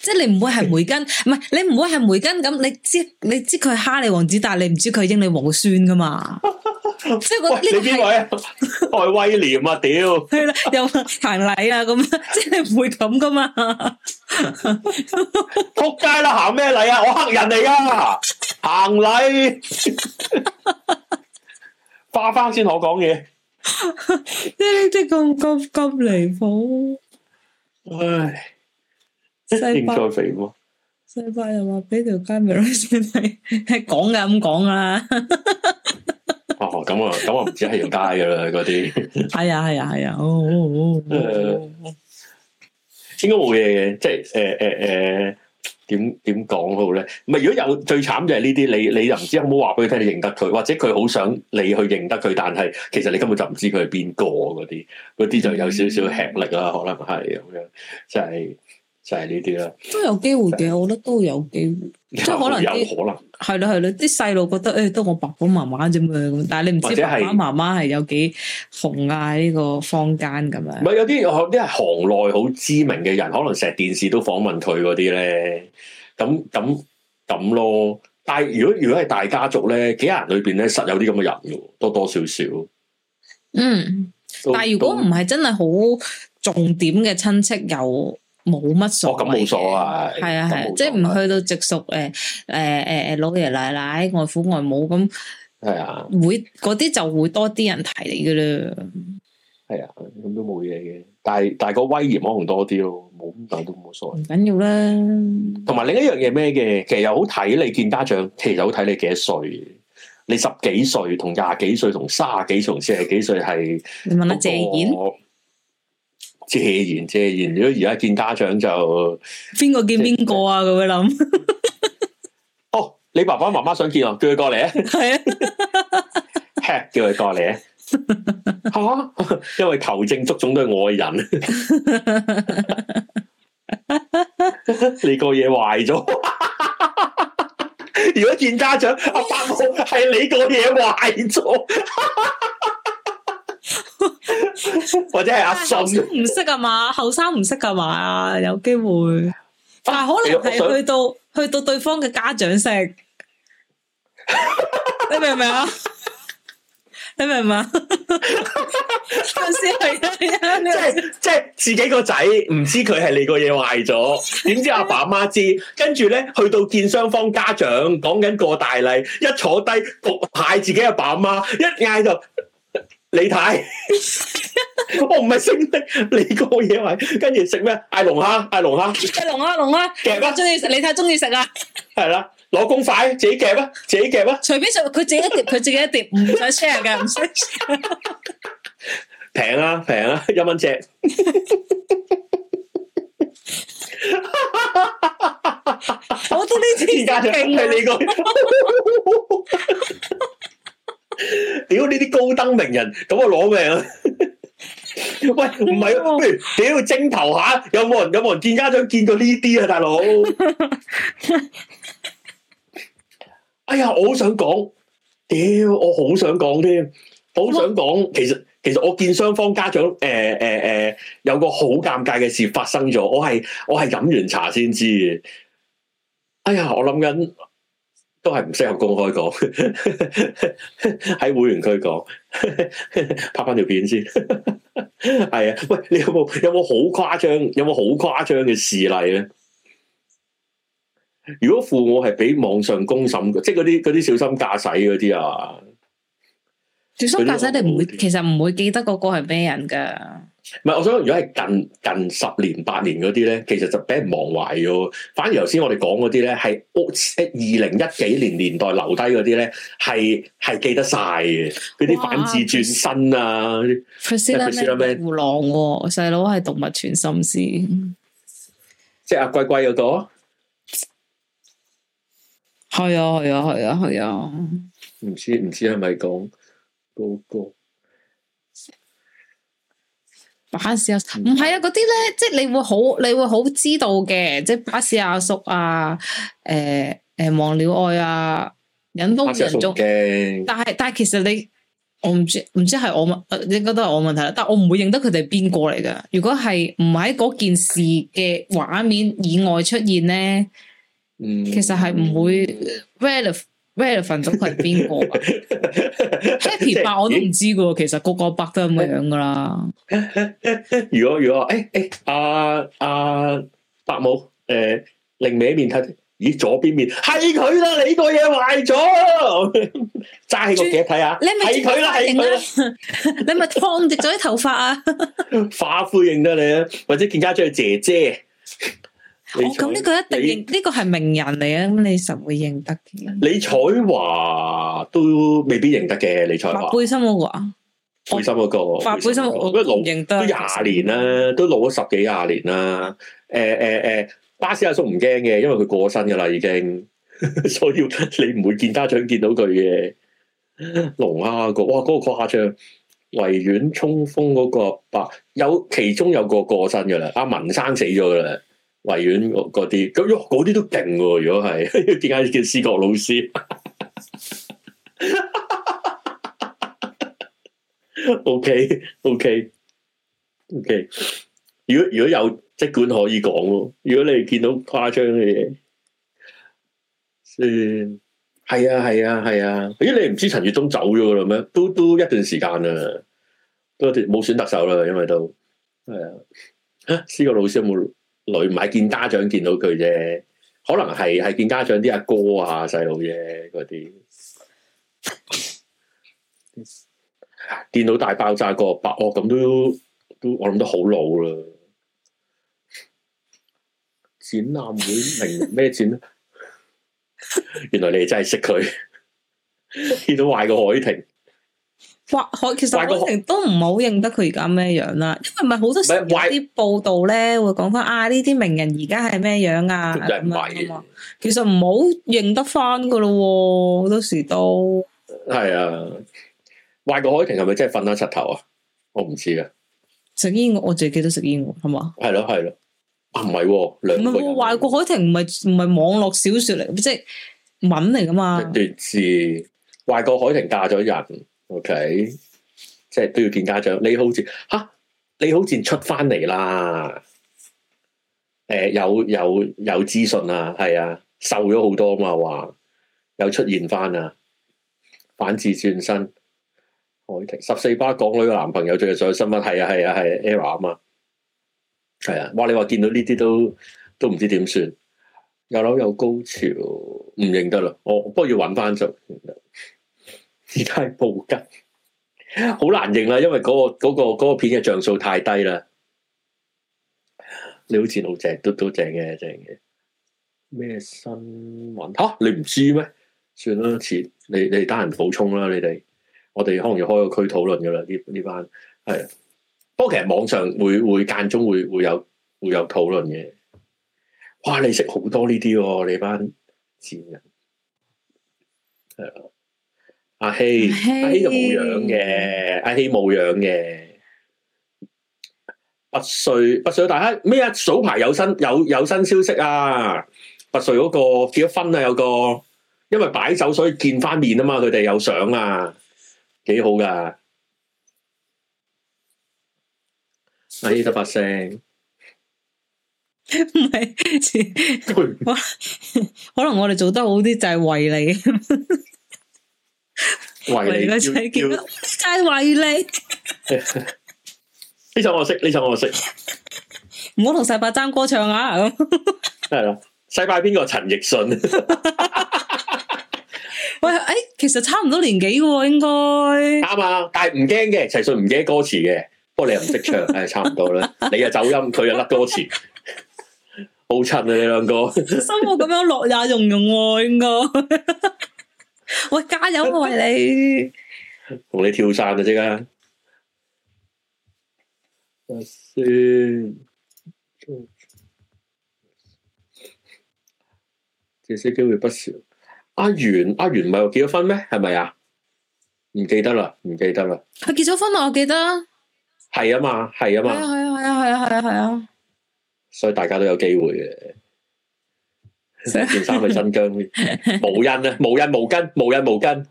即係你唔會係梅根，唔 係你唔會係梅根咁，你知你知佢係哈利王子，但係你唔知佢係英女王孫噶嘛？ 即係你邊位啊，我、這個、威廉啊！屌，係啦，又行禮啊，咁樣，即係唔會咁噶嘛？仆 街啦，行咩禮啊？我黑人嚟噶，行禮， 花花先好講嘢。即係呢啲咁咁咁離譜，唉，應該肥喎？世伯又話俾條街咪攞錢睇，係講噶，咁講啦。 咁 啊，咁我唔知喺條街噶啦，嗰啲。係啊，係啊，係、哦、啊，哦哦、 應該冇嘢嘅，即係，誒、呃，誒、呃，誒，點點講好咧？咪如果有最慘就係呢啲，你你又唔知有冇話俾佢聽，你認得佢，或者佢好想你去認得佢，但係其實你根本就唔知佢係邊個嗰啲，嗰啲就有少少吃力啦，嗯，可能係咁樣，即係。就係呢啲啦，都有機會嘅，就是。我覺得都有機會，即係可能，有，有可能係咯，係咯。啲細路覺得誒，得我爸爸媽媽啫嘛咁。但係你唔知爸爸媽媽係有幾紅啊？呢個坊間咁樣。唔係有啲有啲係行內好知名嘅人，可能成日電視都訪問佢嗰啲咧。咁咁咁咯。但係如果如果係大家族咧，幾人裏邊咧實有啲咁嘅人嘅，多多少少。嗯，但係如果唔係真係好重點嘅親戚有。冇乜所謂嘅，係、哦、啊係、啊啊啊，即係唔去到直屬誒誒誒誒老爺奶奶外父外母咁，係啊，會嗰啲就會多啲人提你噶啦，係啊，咁都冇嘢嘅，但係但係個威嚴可能多啲咯，冇咁大都冇所謂，唔緊要啦。同埋另一樣嘢咩嘅，其實又好睇你見家長，其實好睇你幾多歲，你十幾歲同廿幾歲同卅幾同四十幾歲係。你問下謝賢。借言借言，如果而家見家長就，邊個見邊個啊？佢會諗。哦，你爸爸媽媽想見我，叫佢過嚟 是啊。係 啊， 吃叫佢過嚟啊。吓，因為求證足總都係我嘅人。 你個嘢壞咗。如果見家長，阿伯母係你個嘢壞咗。 或者係是阿信唔識啊嘛，後生唔識啊嘛，有機會，但係可能係去到 去到對方嘅家長識，你明唔明啊？ 你明唔明？有陣時係即係即係自己個仔唔知佢係你個嘢壞咗，點知阿爸阿媽知？跟住咧去到見雙方家長，講緊過大禮，一坐低焗晒自己阿爸阿媽，一嗌就。李太， 我唔係食咩，你個嘢係，跟住食咩？嗌龍蝦，嗌龍蝦，嗌龍蝦，龍蝦。夾中意食，李太中意食啊。係啦，攞公筷自己夾啊，自己夾啊，隨 便食，佢自己一碟，佢自己一碟，唔 使 share 嘅，唔想 share 平 啊，平啊，一蚊隻、 那個。我都呢次，係你講。屌呢啲高登名人，咁我攞命啊！ 喂，唔係，不如屌，鏡頭下有冇人有冇人見家長見到呢啲啊，大佬、 哎？哎呀，我好想講，屌，我好想講添，好想講。其實其實我見雙方家長，誒誒誒，有個好尷尬嘅事發生咗。我係我係飲完茶先知嘅。哎呀，我諗緊。都係唔適合公開講，喺 會員區講， 拍翻條片先。係 啊，喂，你有冇有冇好誇張？有冇好誇張嘅事例咧？如果父母係俾網上公審嘅，即係嗰啲嗰啲小心駕駛嗰啲啊，小心駕駛你唔會，其實唔會記得嗰個係咩人噶。唔係，我想如果係近近十年八年嗰啲咧，其實就俾人忘懷咗。反而頭先我哋講嗰啲咧，係屋二零一幾年年代留低嗰啲咧，係係記得晒嘅。嗰啲反字轉身啊 p r o 咩胡狼，細佬係動物傳心師。即係阿龜龜嗰個，係啊係啊係啊係啊。唔、啊啊啊、知唔知係咪講哥哥？高高巴唔係啊，嗰啲咧，即係你會好，你會好知道嘅，即係巴士阿叔啊，誒、呃、誒，黃、呃、鳥愛啊，忍冬人中，但係但係其實你，我唔知唔知係我問、呃，應該都係我問題啦。但我唔會認得佢哋係邊個嚟噶。如果係唔喺嗰件事嘅畫面以外出現咧，嗯，其實係唔會 relevant 咩份種係邊個？Happy 伯我都唔知噶，其實個個伯都咁樣噶啦。如果如果，誒、欸、誒，阿、欸、阿、啊啊、伯母，誒、欸，另一面睇，咦，左邊面係佢啦，你個嘢壞咗，揸 起個鏡，睇下，係佢啦，係佢 你咪燙直咗啲頭髮啊？ 化灰認得你啊，或者見家追姐姐。我咁呢個一定認呢、呢個係名人嚟啊！咁你實會認得嘅。李彩華都未必認得嘅。李彩華。白背心嗰個啊，背心嗰個。白背心，背心我都認得，都廿年啦，都老咗十幾廿年啦。誒誒誒，巴士阿叔唔驚嘅，因為佢過身噶啦，已經，所以你唔會見家長見到佢嘅。龍 蝦，嗰個哇，嗰、嗰個誇張，維園衝鋒嗰、嗰個阿伯有其中有個過身噶啦，阿文生死咗噶啦。維園嗰啲咁喲，嗰啲都勁喎。如果係點解叫視覺老師？OK OK OK。如果， 老 okay, okay, okay. 如果如果有，即管可以講咯。如果你見到誇張嘅嘢，先係啊係啊係啊，啊。咦，你唔知陳月東走咗噶啦咩？都都一段時間啦，都冇選特首啦，因為都係啊。啊，視覺老師有冇？女唔係見家長見到佢啫，可能係，係見家長啲阿哥哥啊、細佬啫嗰啲。電腦大爆炸個白鵝咁、哦、都都我諗都好老啦。展覽會明咩展啊？ 原來你真係識佢，見到壞個海婷。壞過其實海婷都唔好認得佢而家咩樣啦，因為咪好多時啲報道咧會講翻啊呢啲名人而家係咩樣子啊咁樣，其實唔好認得翻噶咯，好多時都係啊。壞過海婷係咪真係瞓得柒頭啊？是不是我唔知噶食煙，我淨係記得食煙係嘛？係咯係咯啊唔係，唔係壞過海婷唔係唔係網絡小說嚟，即係文嚟噶嘛？段時壞過海婷嫁咗人。O、okay, K，即係都要見家長。你好似吓，你好似出翻嚟啦。誒、呃，有有有資訊啊，係啊，瘦咗好多啊嘛，話有出現翻啊，反字轉身。海迪十四巴港女嘅男朋友最近上新聞，係啊係啊係 Era 啊，是啊、Error、嘛，係啊。哇，你話見到呢啲都都唔知點算，有樓有高潮，唔認得啦。我不如要搵翻就。字太暴吉，好難認啦，因為嗰、嗰個、嗰個、嗰個片嘅像素太低啦。你好似好正，都都正嘅，正嘅。咩新聞？吓、啊、你唔知咩？算啦，似你你哋得閒補充啦，你哋。我哋可能要開個區討論噶啦，呢呢班係。不過其實網上會會間中會會有會有討論嘅。哇！你食好多呢啲喎，你班賤人係啊。是阿、啊、希，阿希、啊、就冇樣嘅，阿希冇樣嘅。八歲，八歲大家咩啊？早排有新有有新消息啊！八歲嗰個結咗婚啦，有個因為擺酒所以見翻面啊嘛，佢哋有相啊，幾好噶。阿希得把聲，唔、啊、係，可能我哋做得好啲就係為你。呵呵為你，為你，要叫，就係為你。呢首 我識，呢首我識。唔好同世伯爭歌唱啊！係 啦，世伯邊個？陳奕迅。 喂，誒、欸，其實差唔多年紀嘅，應該啱啊。但係唔驚嘅，陳奕迅唔記得歌詞嘅。不過你又唔識唱，係、哎、差唔多啦。 你嘅走音，佢又甩歌詞，好 襯啊！你兩個生活咁樣樂也融融啊！應該。喂，加油我為你，同 你跳傘嘅啫啦，算，這些機會不少。阿袁阿袁，唔係結咗婚咩？係咪啊？唔、啊、記得啦，唔記得啦。佢結咗婚啦，我記得。係啊嘛，係啊嘛，係 啊係啊係啊係啊係啊，啊，所以大家都有機會嘅。成件衫去新疆邊， 無印啊，無印冇根，無印冇根。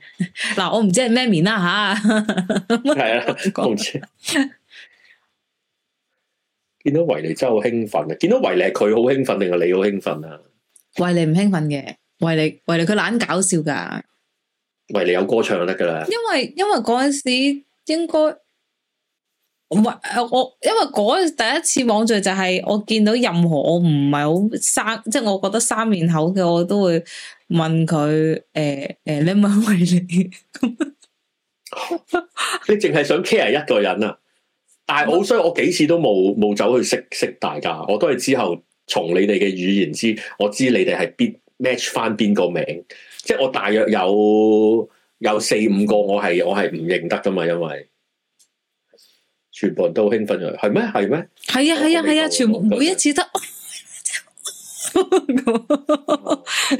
嗱、 啊 啊，我唔知係咩面啦吓。係啊，講唔出。見到維尼真係好興奮啊，見到維尼係佢好興奮定係你好興奮啊？維尼唔興奮嘅，維尼維尼佢懶搞笑噶。維尼有歌唱就得噶啦。因為因為嗰陣時應該。唔係誒，我因為嗰日第一次網聚就係我見到任何我唔係好生，即係我覺得生面口嘅，我都會問佢誒誒，你問為嚟？ 你淨係想 care 一個人啊？但係好衰，以我幾次都冇冇走去識識大家，我都係之後從你哋嘅語言知道，我知道你哋係邊 match 翻邊個名，即係我大約有有四五個我是，我係我係唔認得㗎嘛，因為。全部人都興奮咗，係咩？係咩？係啊！係啊！係啊！全部，全部每一次都，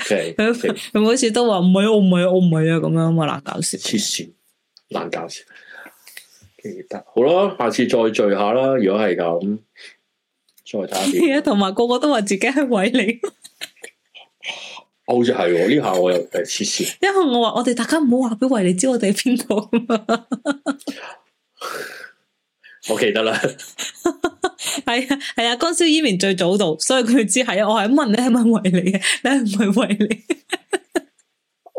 即 係，okay，每一次都話唔係我，唔係我唔係啊！咁樣咁難搞笑，黐線難搞笑，記得好啦，下次再聚下啦。如果係咁，再打啲。同埋個個都話自己係維尼， 好似係呢下我又黐線，因為我話我哋大家唔好話俾維尼知我哋喺邊度。 我記得啦，係啊係啊，乾燒伊麵最早到，所以佢知係啊。我係咁問，是不是為你係咪維尼，你唔係維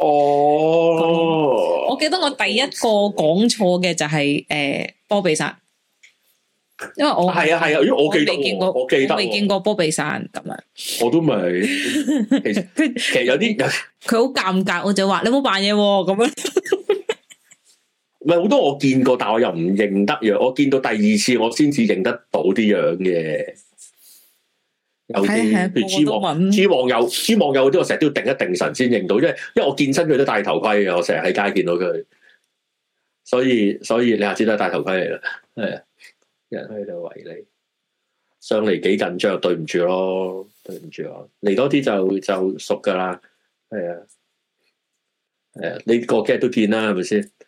哦，我記得我第一個講錯嘅就係、是、誒、呃、波比山，因為我係啊係啊，因為我記得我我，見過我記得未見過波比山咁啊，我都咪 其實 其實有啲佢好尷尬， 我就說你話你冇扮嘢咁樣。唔係好多我見過，但係我又唔認得樣。我見到第二次，我先至認得到啲樣嘅。有啲譬如黐網、 黐網 網友、黐 網友嗰啲，我成日都要定一定神先認到，因為因為我見親佢都戴頭盔嘅。我成日喺街見到佢，所以所以你下次都係戴頭盔嚟啦。係啊，人喺度圍你，上嚟幾緊張，對唔住咯，對唔住我嚟多啲就就熟噶啦。係啊，誒你個 get 都見啦，係咪先？是的。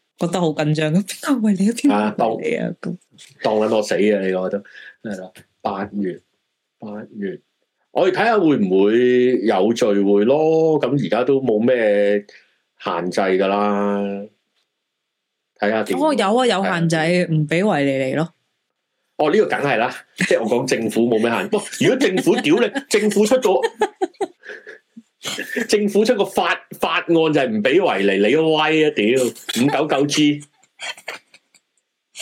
覺得好緊張嘅，邊個為你一啲壓力啊？ 當當緊我死啊！你個都係啦，八月八月，我哋睇下會唔會有聚會咯？咁而家都冇咩限制噶啦，睇下點。哦、啊、有啊，有限制，唔俾維尼嚟咯。哦呢、這個梗係啦，即係我講政府冇咩限。不過 如果政府屌你，政府出咗。 政府出個法法案就係唔俾維尼你個歪啊！屌五九九 G，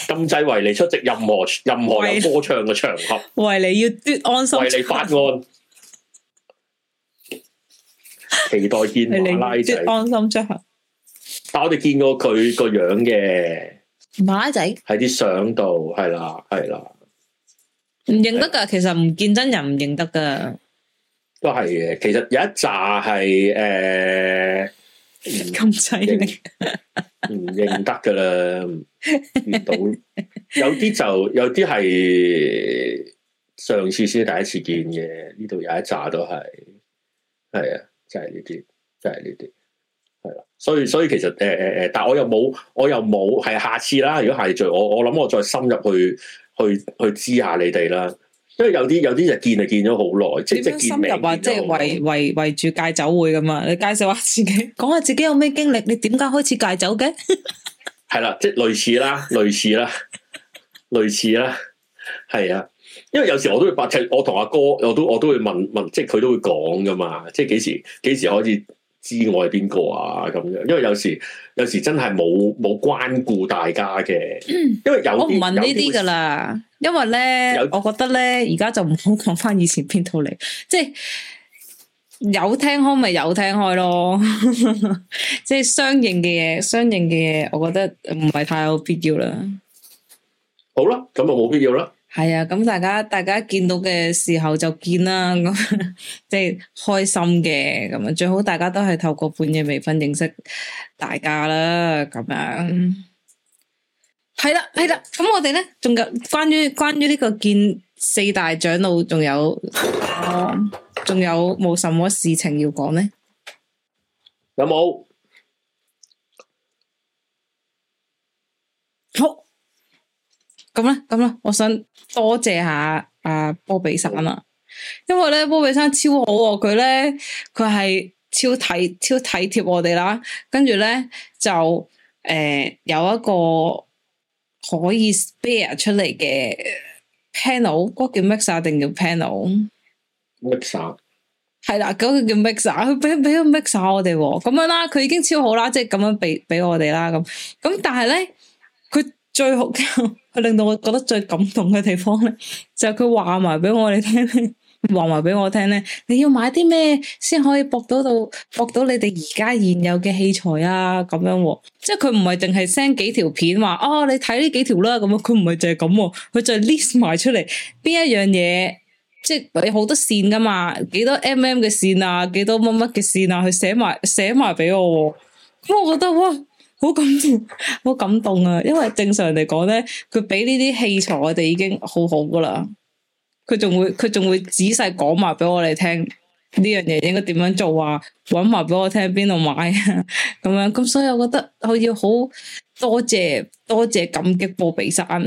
禁制維尼出席任何任何有歌唱嘅場合。維尼要嘟安心。維尼法案，期待見馬拉仔安心出行。但係我哋見過佢個樣嘅馬拉仔喺啲相度係啦，係啦，唔認得噶。其實唔見真人唔認得噶。都係嘅，其實有一紮係誒，咁犀利，唔認， 認得噶啦，見到有啲就有啲係上次先第一次見嘅，呢度有一紮都係，係啊，真係呢啲，真係呢啲，係啦，所以所以其實誒誒誒，但我又冇，我又冇，係下次啦。如果下次再我我諗我再深入去去去，去知下你哋啦。因為有啲有啲就見就見咗好耐，即係即係深入即係圍圍圍住戒酒會咁嘛你介紹下自己，講下自己有咩經歷？你點解開始戒酒嘅？係啦，即係類似啦，類似啦，類似啦，係啊！因為有時我都會白切，我同阿哥我都我都會問問，即係佢都會講噶嘛，即係幾時幾時開始。知我係邊個啊？咁樣，因為有時有時真係冇冇關顧大家嘅，嗯，因為有我唔問呢啲噶啦。因為咧，我覺得咧，而家就唔好講翻以前邊套嚟，即係有聽開咪有聽開咯。 即係相應嘅嘢，相應嘅嘢，我覺得唔係太有必要啦。好啦，咁就冇必要啦。係啊，咁大家大家見到嘅時候就見啦，咁即係開心嘅咁啊，最好大家都係透過半夜微醺認識大家啦，咁樣。係啦，係啦，咁我哋咧仲有關於關於呢個見四大長老，仲有仲有冇什麼事情要講咧？有冇？好，咁啦咁啦，我想。多謝下阿、啊、波比山啊，因為咧波比山超好、啊，佢咧佢係超體超體貼我哋啦，跟住咧就誒、呃、有一個可以 spare 出嚟嘅 panel，嗰個叫 mixer 定叫 panel？mixer 係啦，嗰個叫 mixer，佢俾俾咗 mixer,、啊那個、mixer, mixer 我哋、啊，咁樣啦、啊，佢已經超好啦，即係咁樣俾俾我哋啦、啊，咁咁但係咧佢最好。 令到我覺得最感動嘅地方咧，就係佢話埋俾我哋聽咧，話埋俾我聽咧，你要買啲咩先可以駁到到，駁到你哋而家現有嘅器材啊，咁樣，即係佢唔係淨係 send 幾條片話，哦，你睇呢幾條啦，咁樣佢唔係淨係咁，佢就係 list 埋出嚟邊一樣嘢，即係好多線噶嘛，幾多 mm 嘅線啊，幾多乜乜嘅線啊，佢寫埋寫埋俾我，咁我覺得哇！好感動，好感動啊！因為正常嚟講咧，佢俾呢啲器材我哋已經好好噶啦，佢仲會佢仲會仔細講埋俾我哋聽呢樣嘢應該點樣做，啊，話搵埋俾我聽邊度買咁樣。咁所以我覺得我要好多謝多謝感激波比山。好，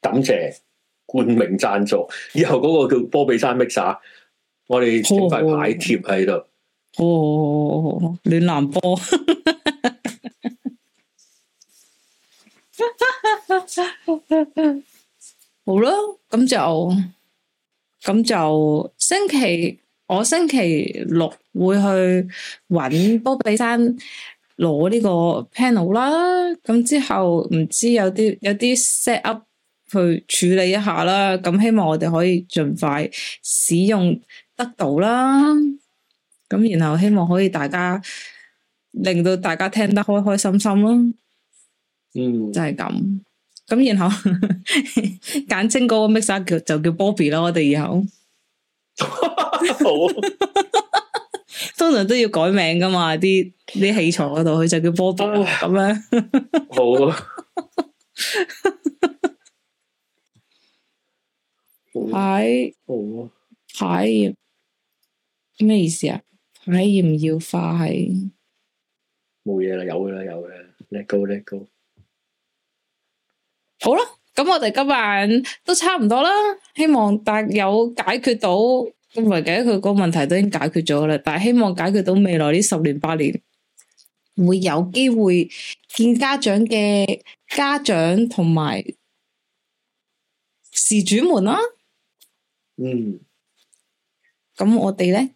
感謝冠名讚助，以後嗰個叫波比山 mix e r 我哋整塊牌貼喺度。好好哦，暖男波，好啦，咁就咁就星期我星期六會去搵波比山攞呢個 panel 啦，咁之後唔知有啲有啲 set up 去處理一下啦，咁希望我哋可以盡快使用得到啦。咁然後希望可以大家令到大家聽得開開心心咯，嗯，就係咁。咁然後簡稱嗰個 mixer 叫就叫 Bobby 咯，我哋以後，好，通常都要改名㗎嘛，啲啲器材嗰度佢就叫 Bobby 咁樣，好啊，係，係咩意思啊？睇要唔要化係冇嘢啦，有嘅啦，有嘅 let go let go。好啦，咁我哋今晚都差唔多啦，希望但有解決到唔係嘅佢嗰個問題都已經解決咗噶啦，但係希望解決到未來呢十年八年會有機會見家長嘅家長同埋事主們啦。嗯。咁我哋咧？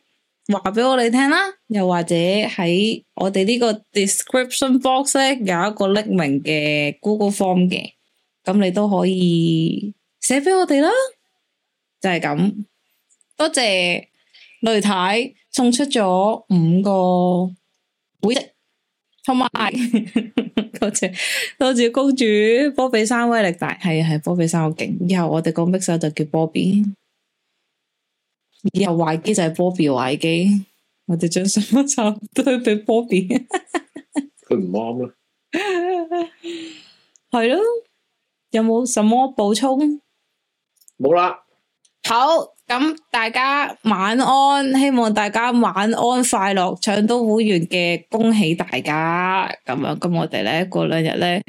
話俾我哋聽啦，又或者喺我哋呢個 description box，咧有一個匿名嘅 Google Form 嘅，咁你都可以寫俾我哋啦，就係咁。多謝雷太送出咗五個會，同埋多謝多謝公主，波比山威力大，係啊係，波比山好勁，以後我哋個 mixer 就叫波比。以後壞機就係 Bobby 壞機，我哋將什麼茶都俾 Bobby，佢唔啱咧，係咯，有冇什麼補充？冇啦。好，咁大家晚安，希望大家晚安快樂，搶到會員嘅恭喜大家，咁樣，咁我哋咧過兩日咧，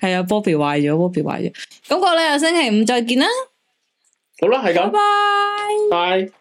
係啊，Bobby 壞咗，Bobby 壞咗，咁我哋又星期五再見啦。好啦，係咁，拜拜。Bye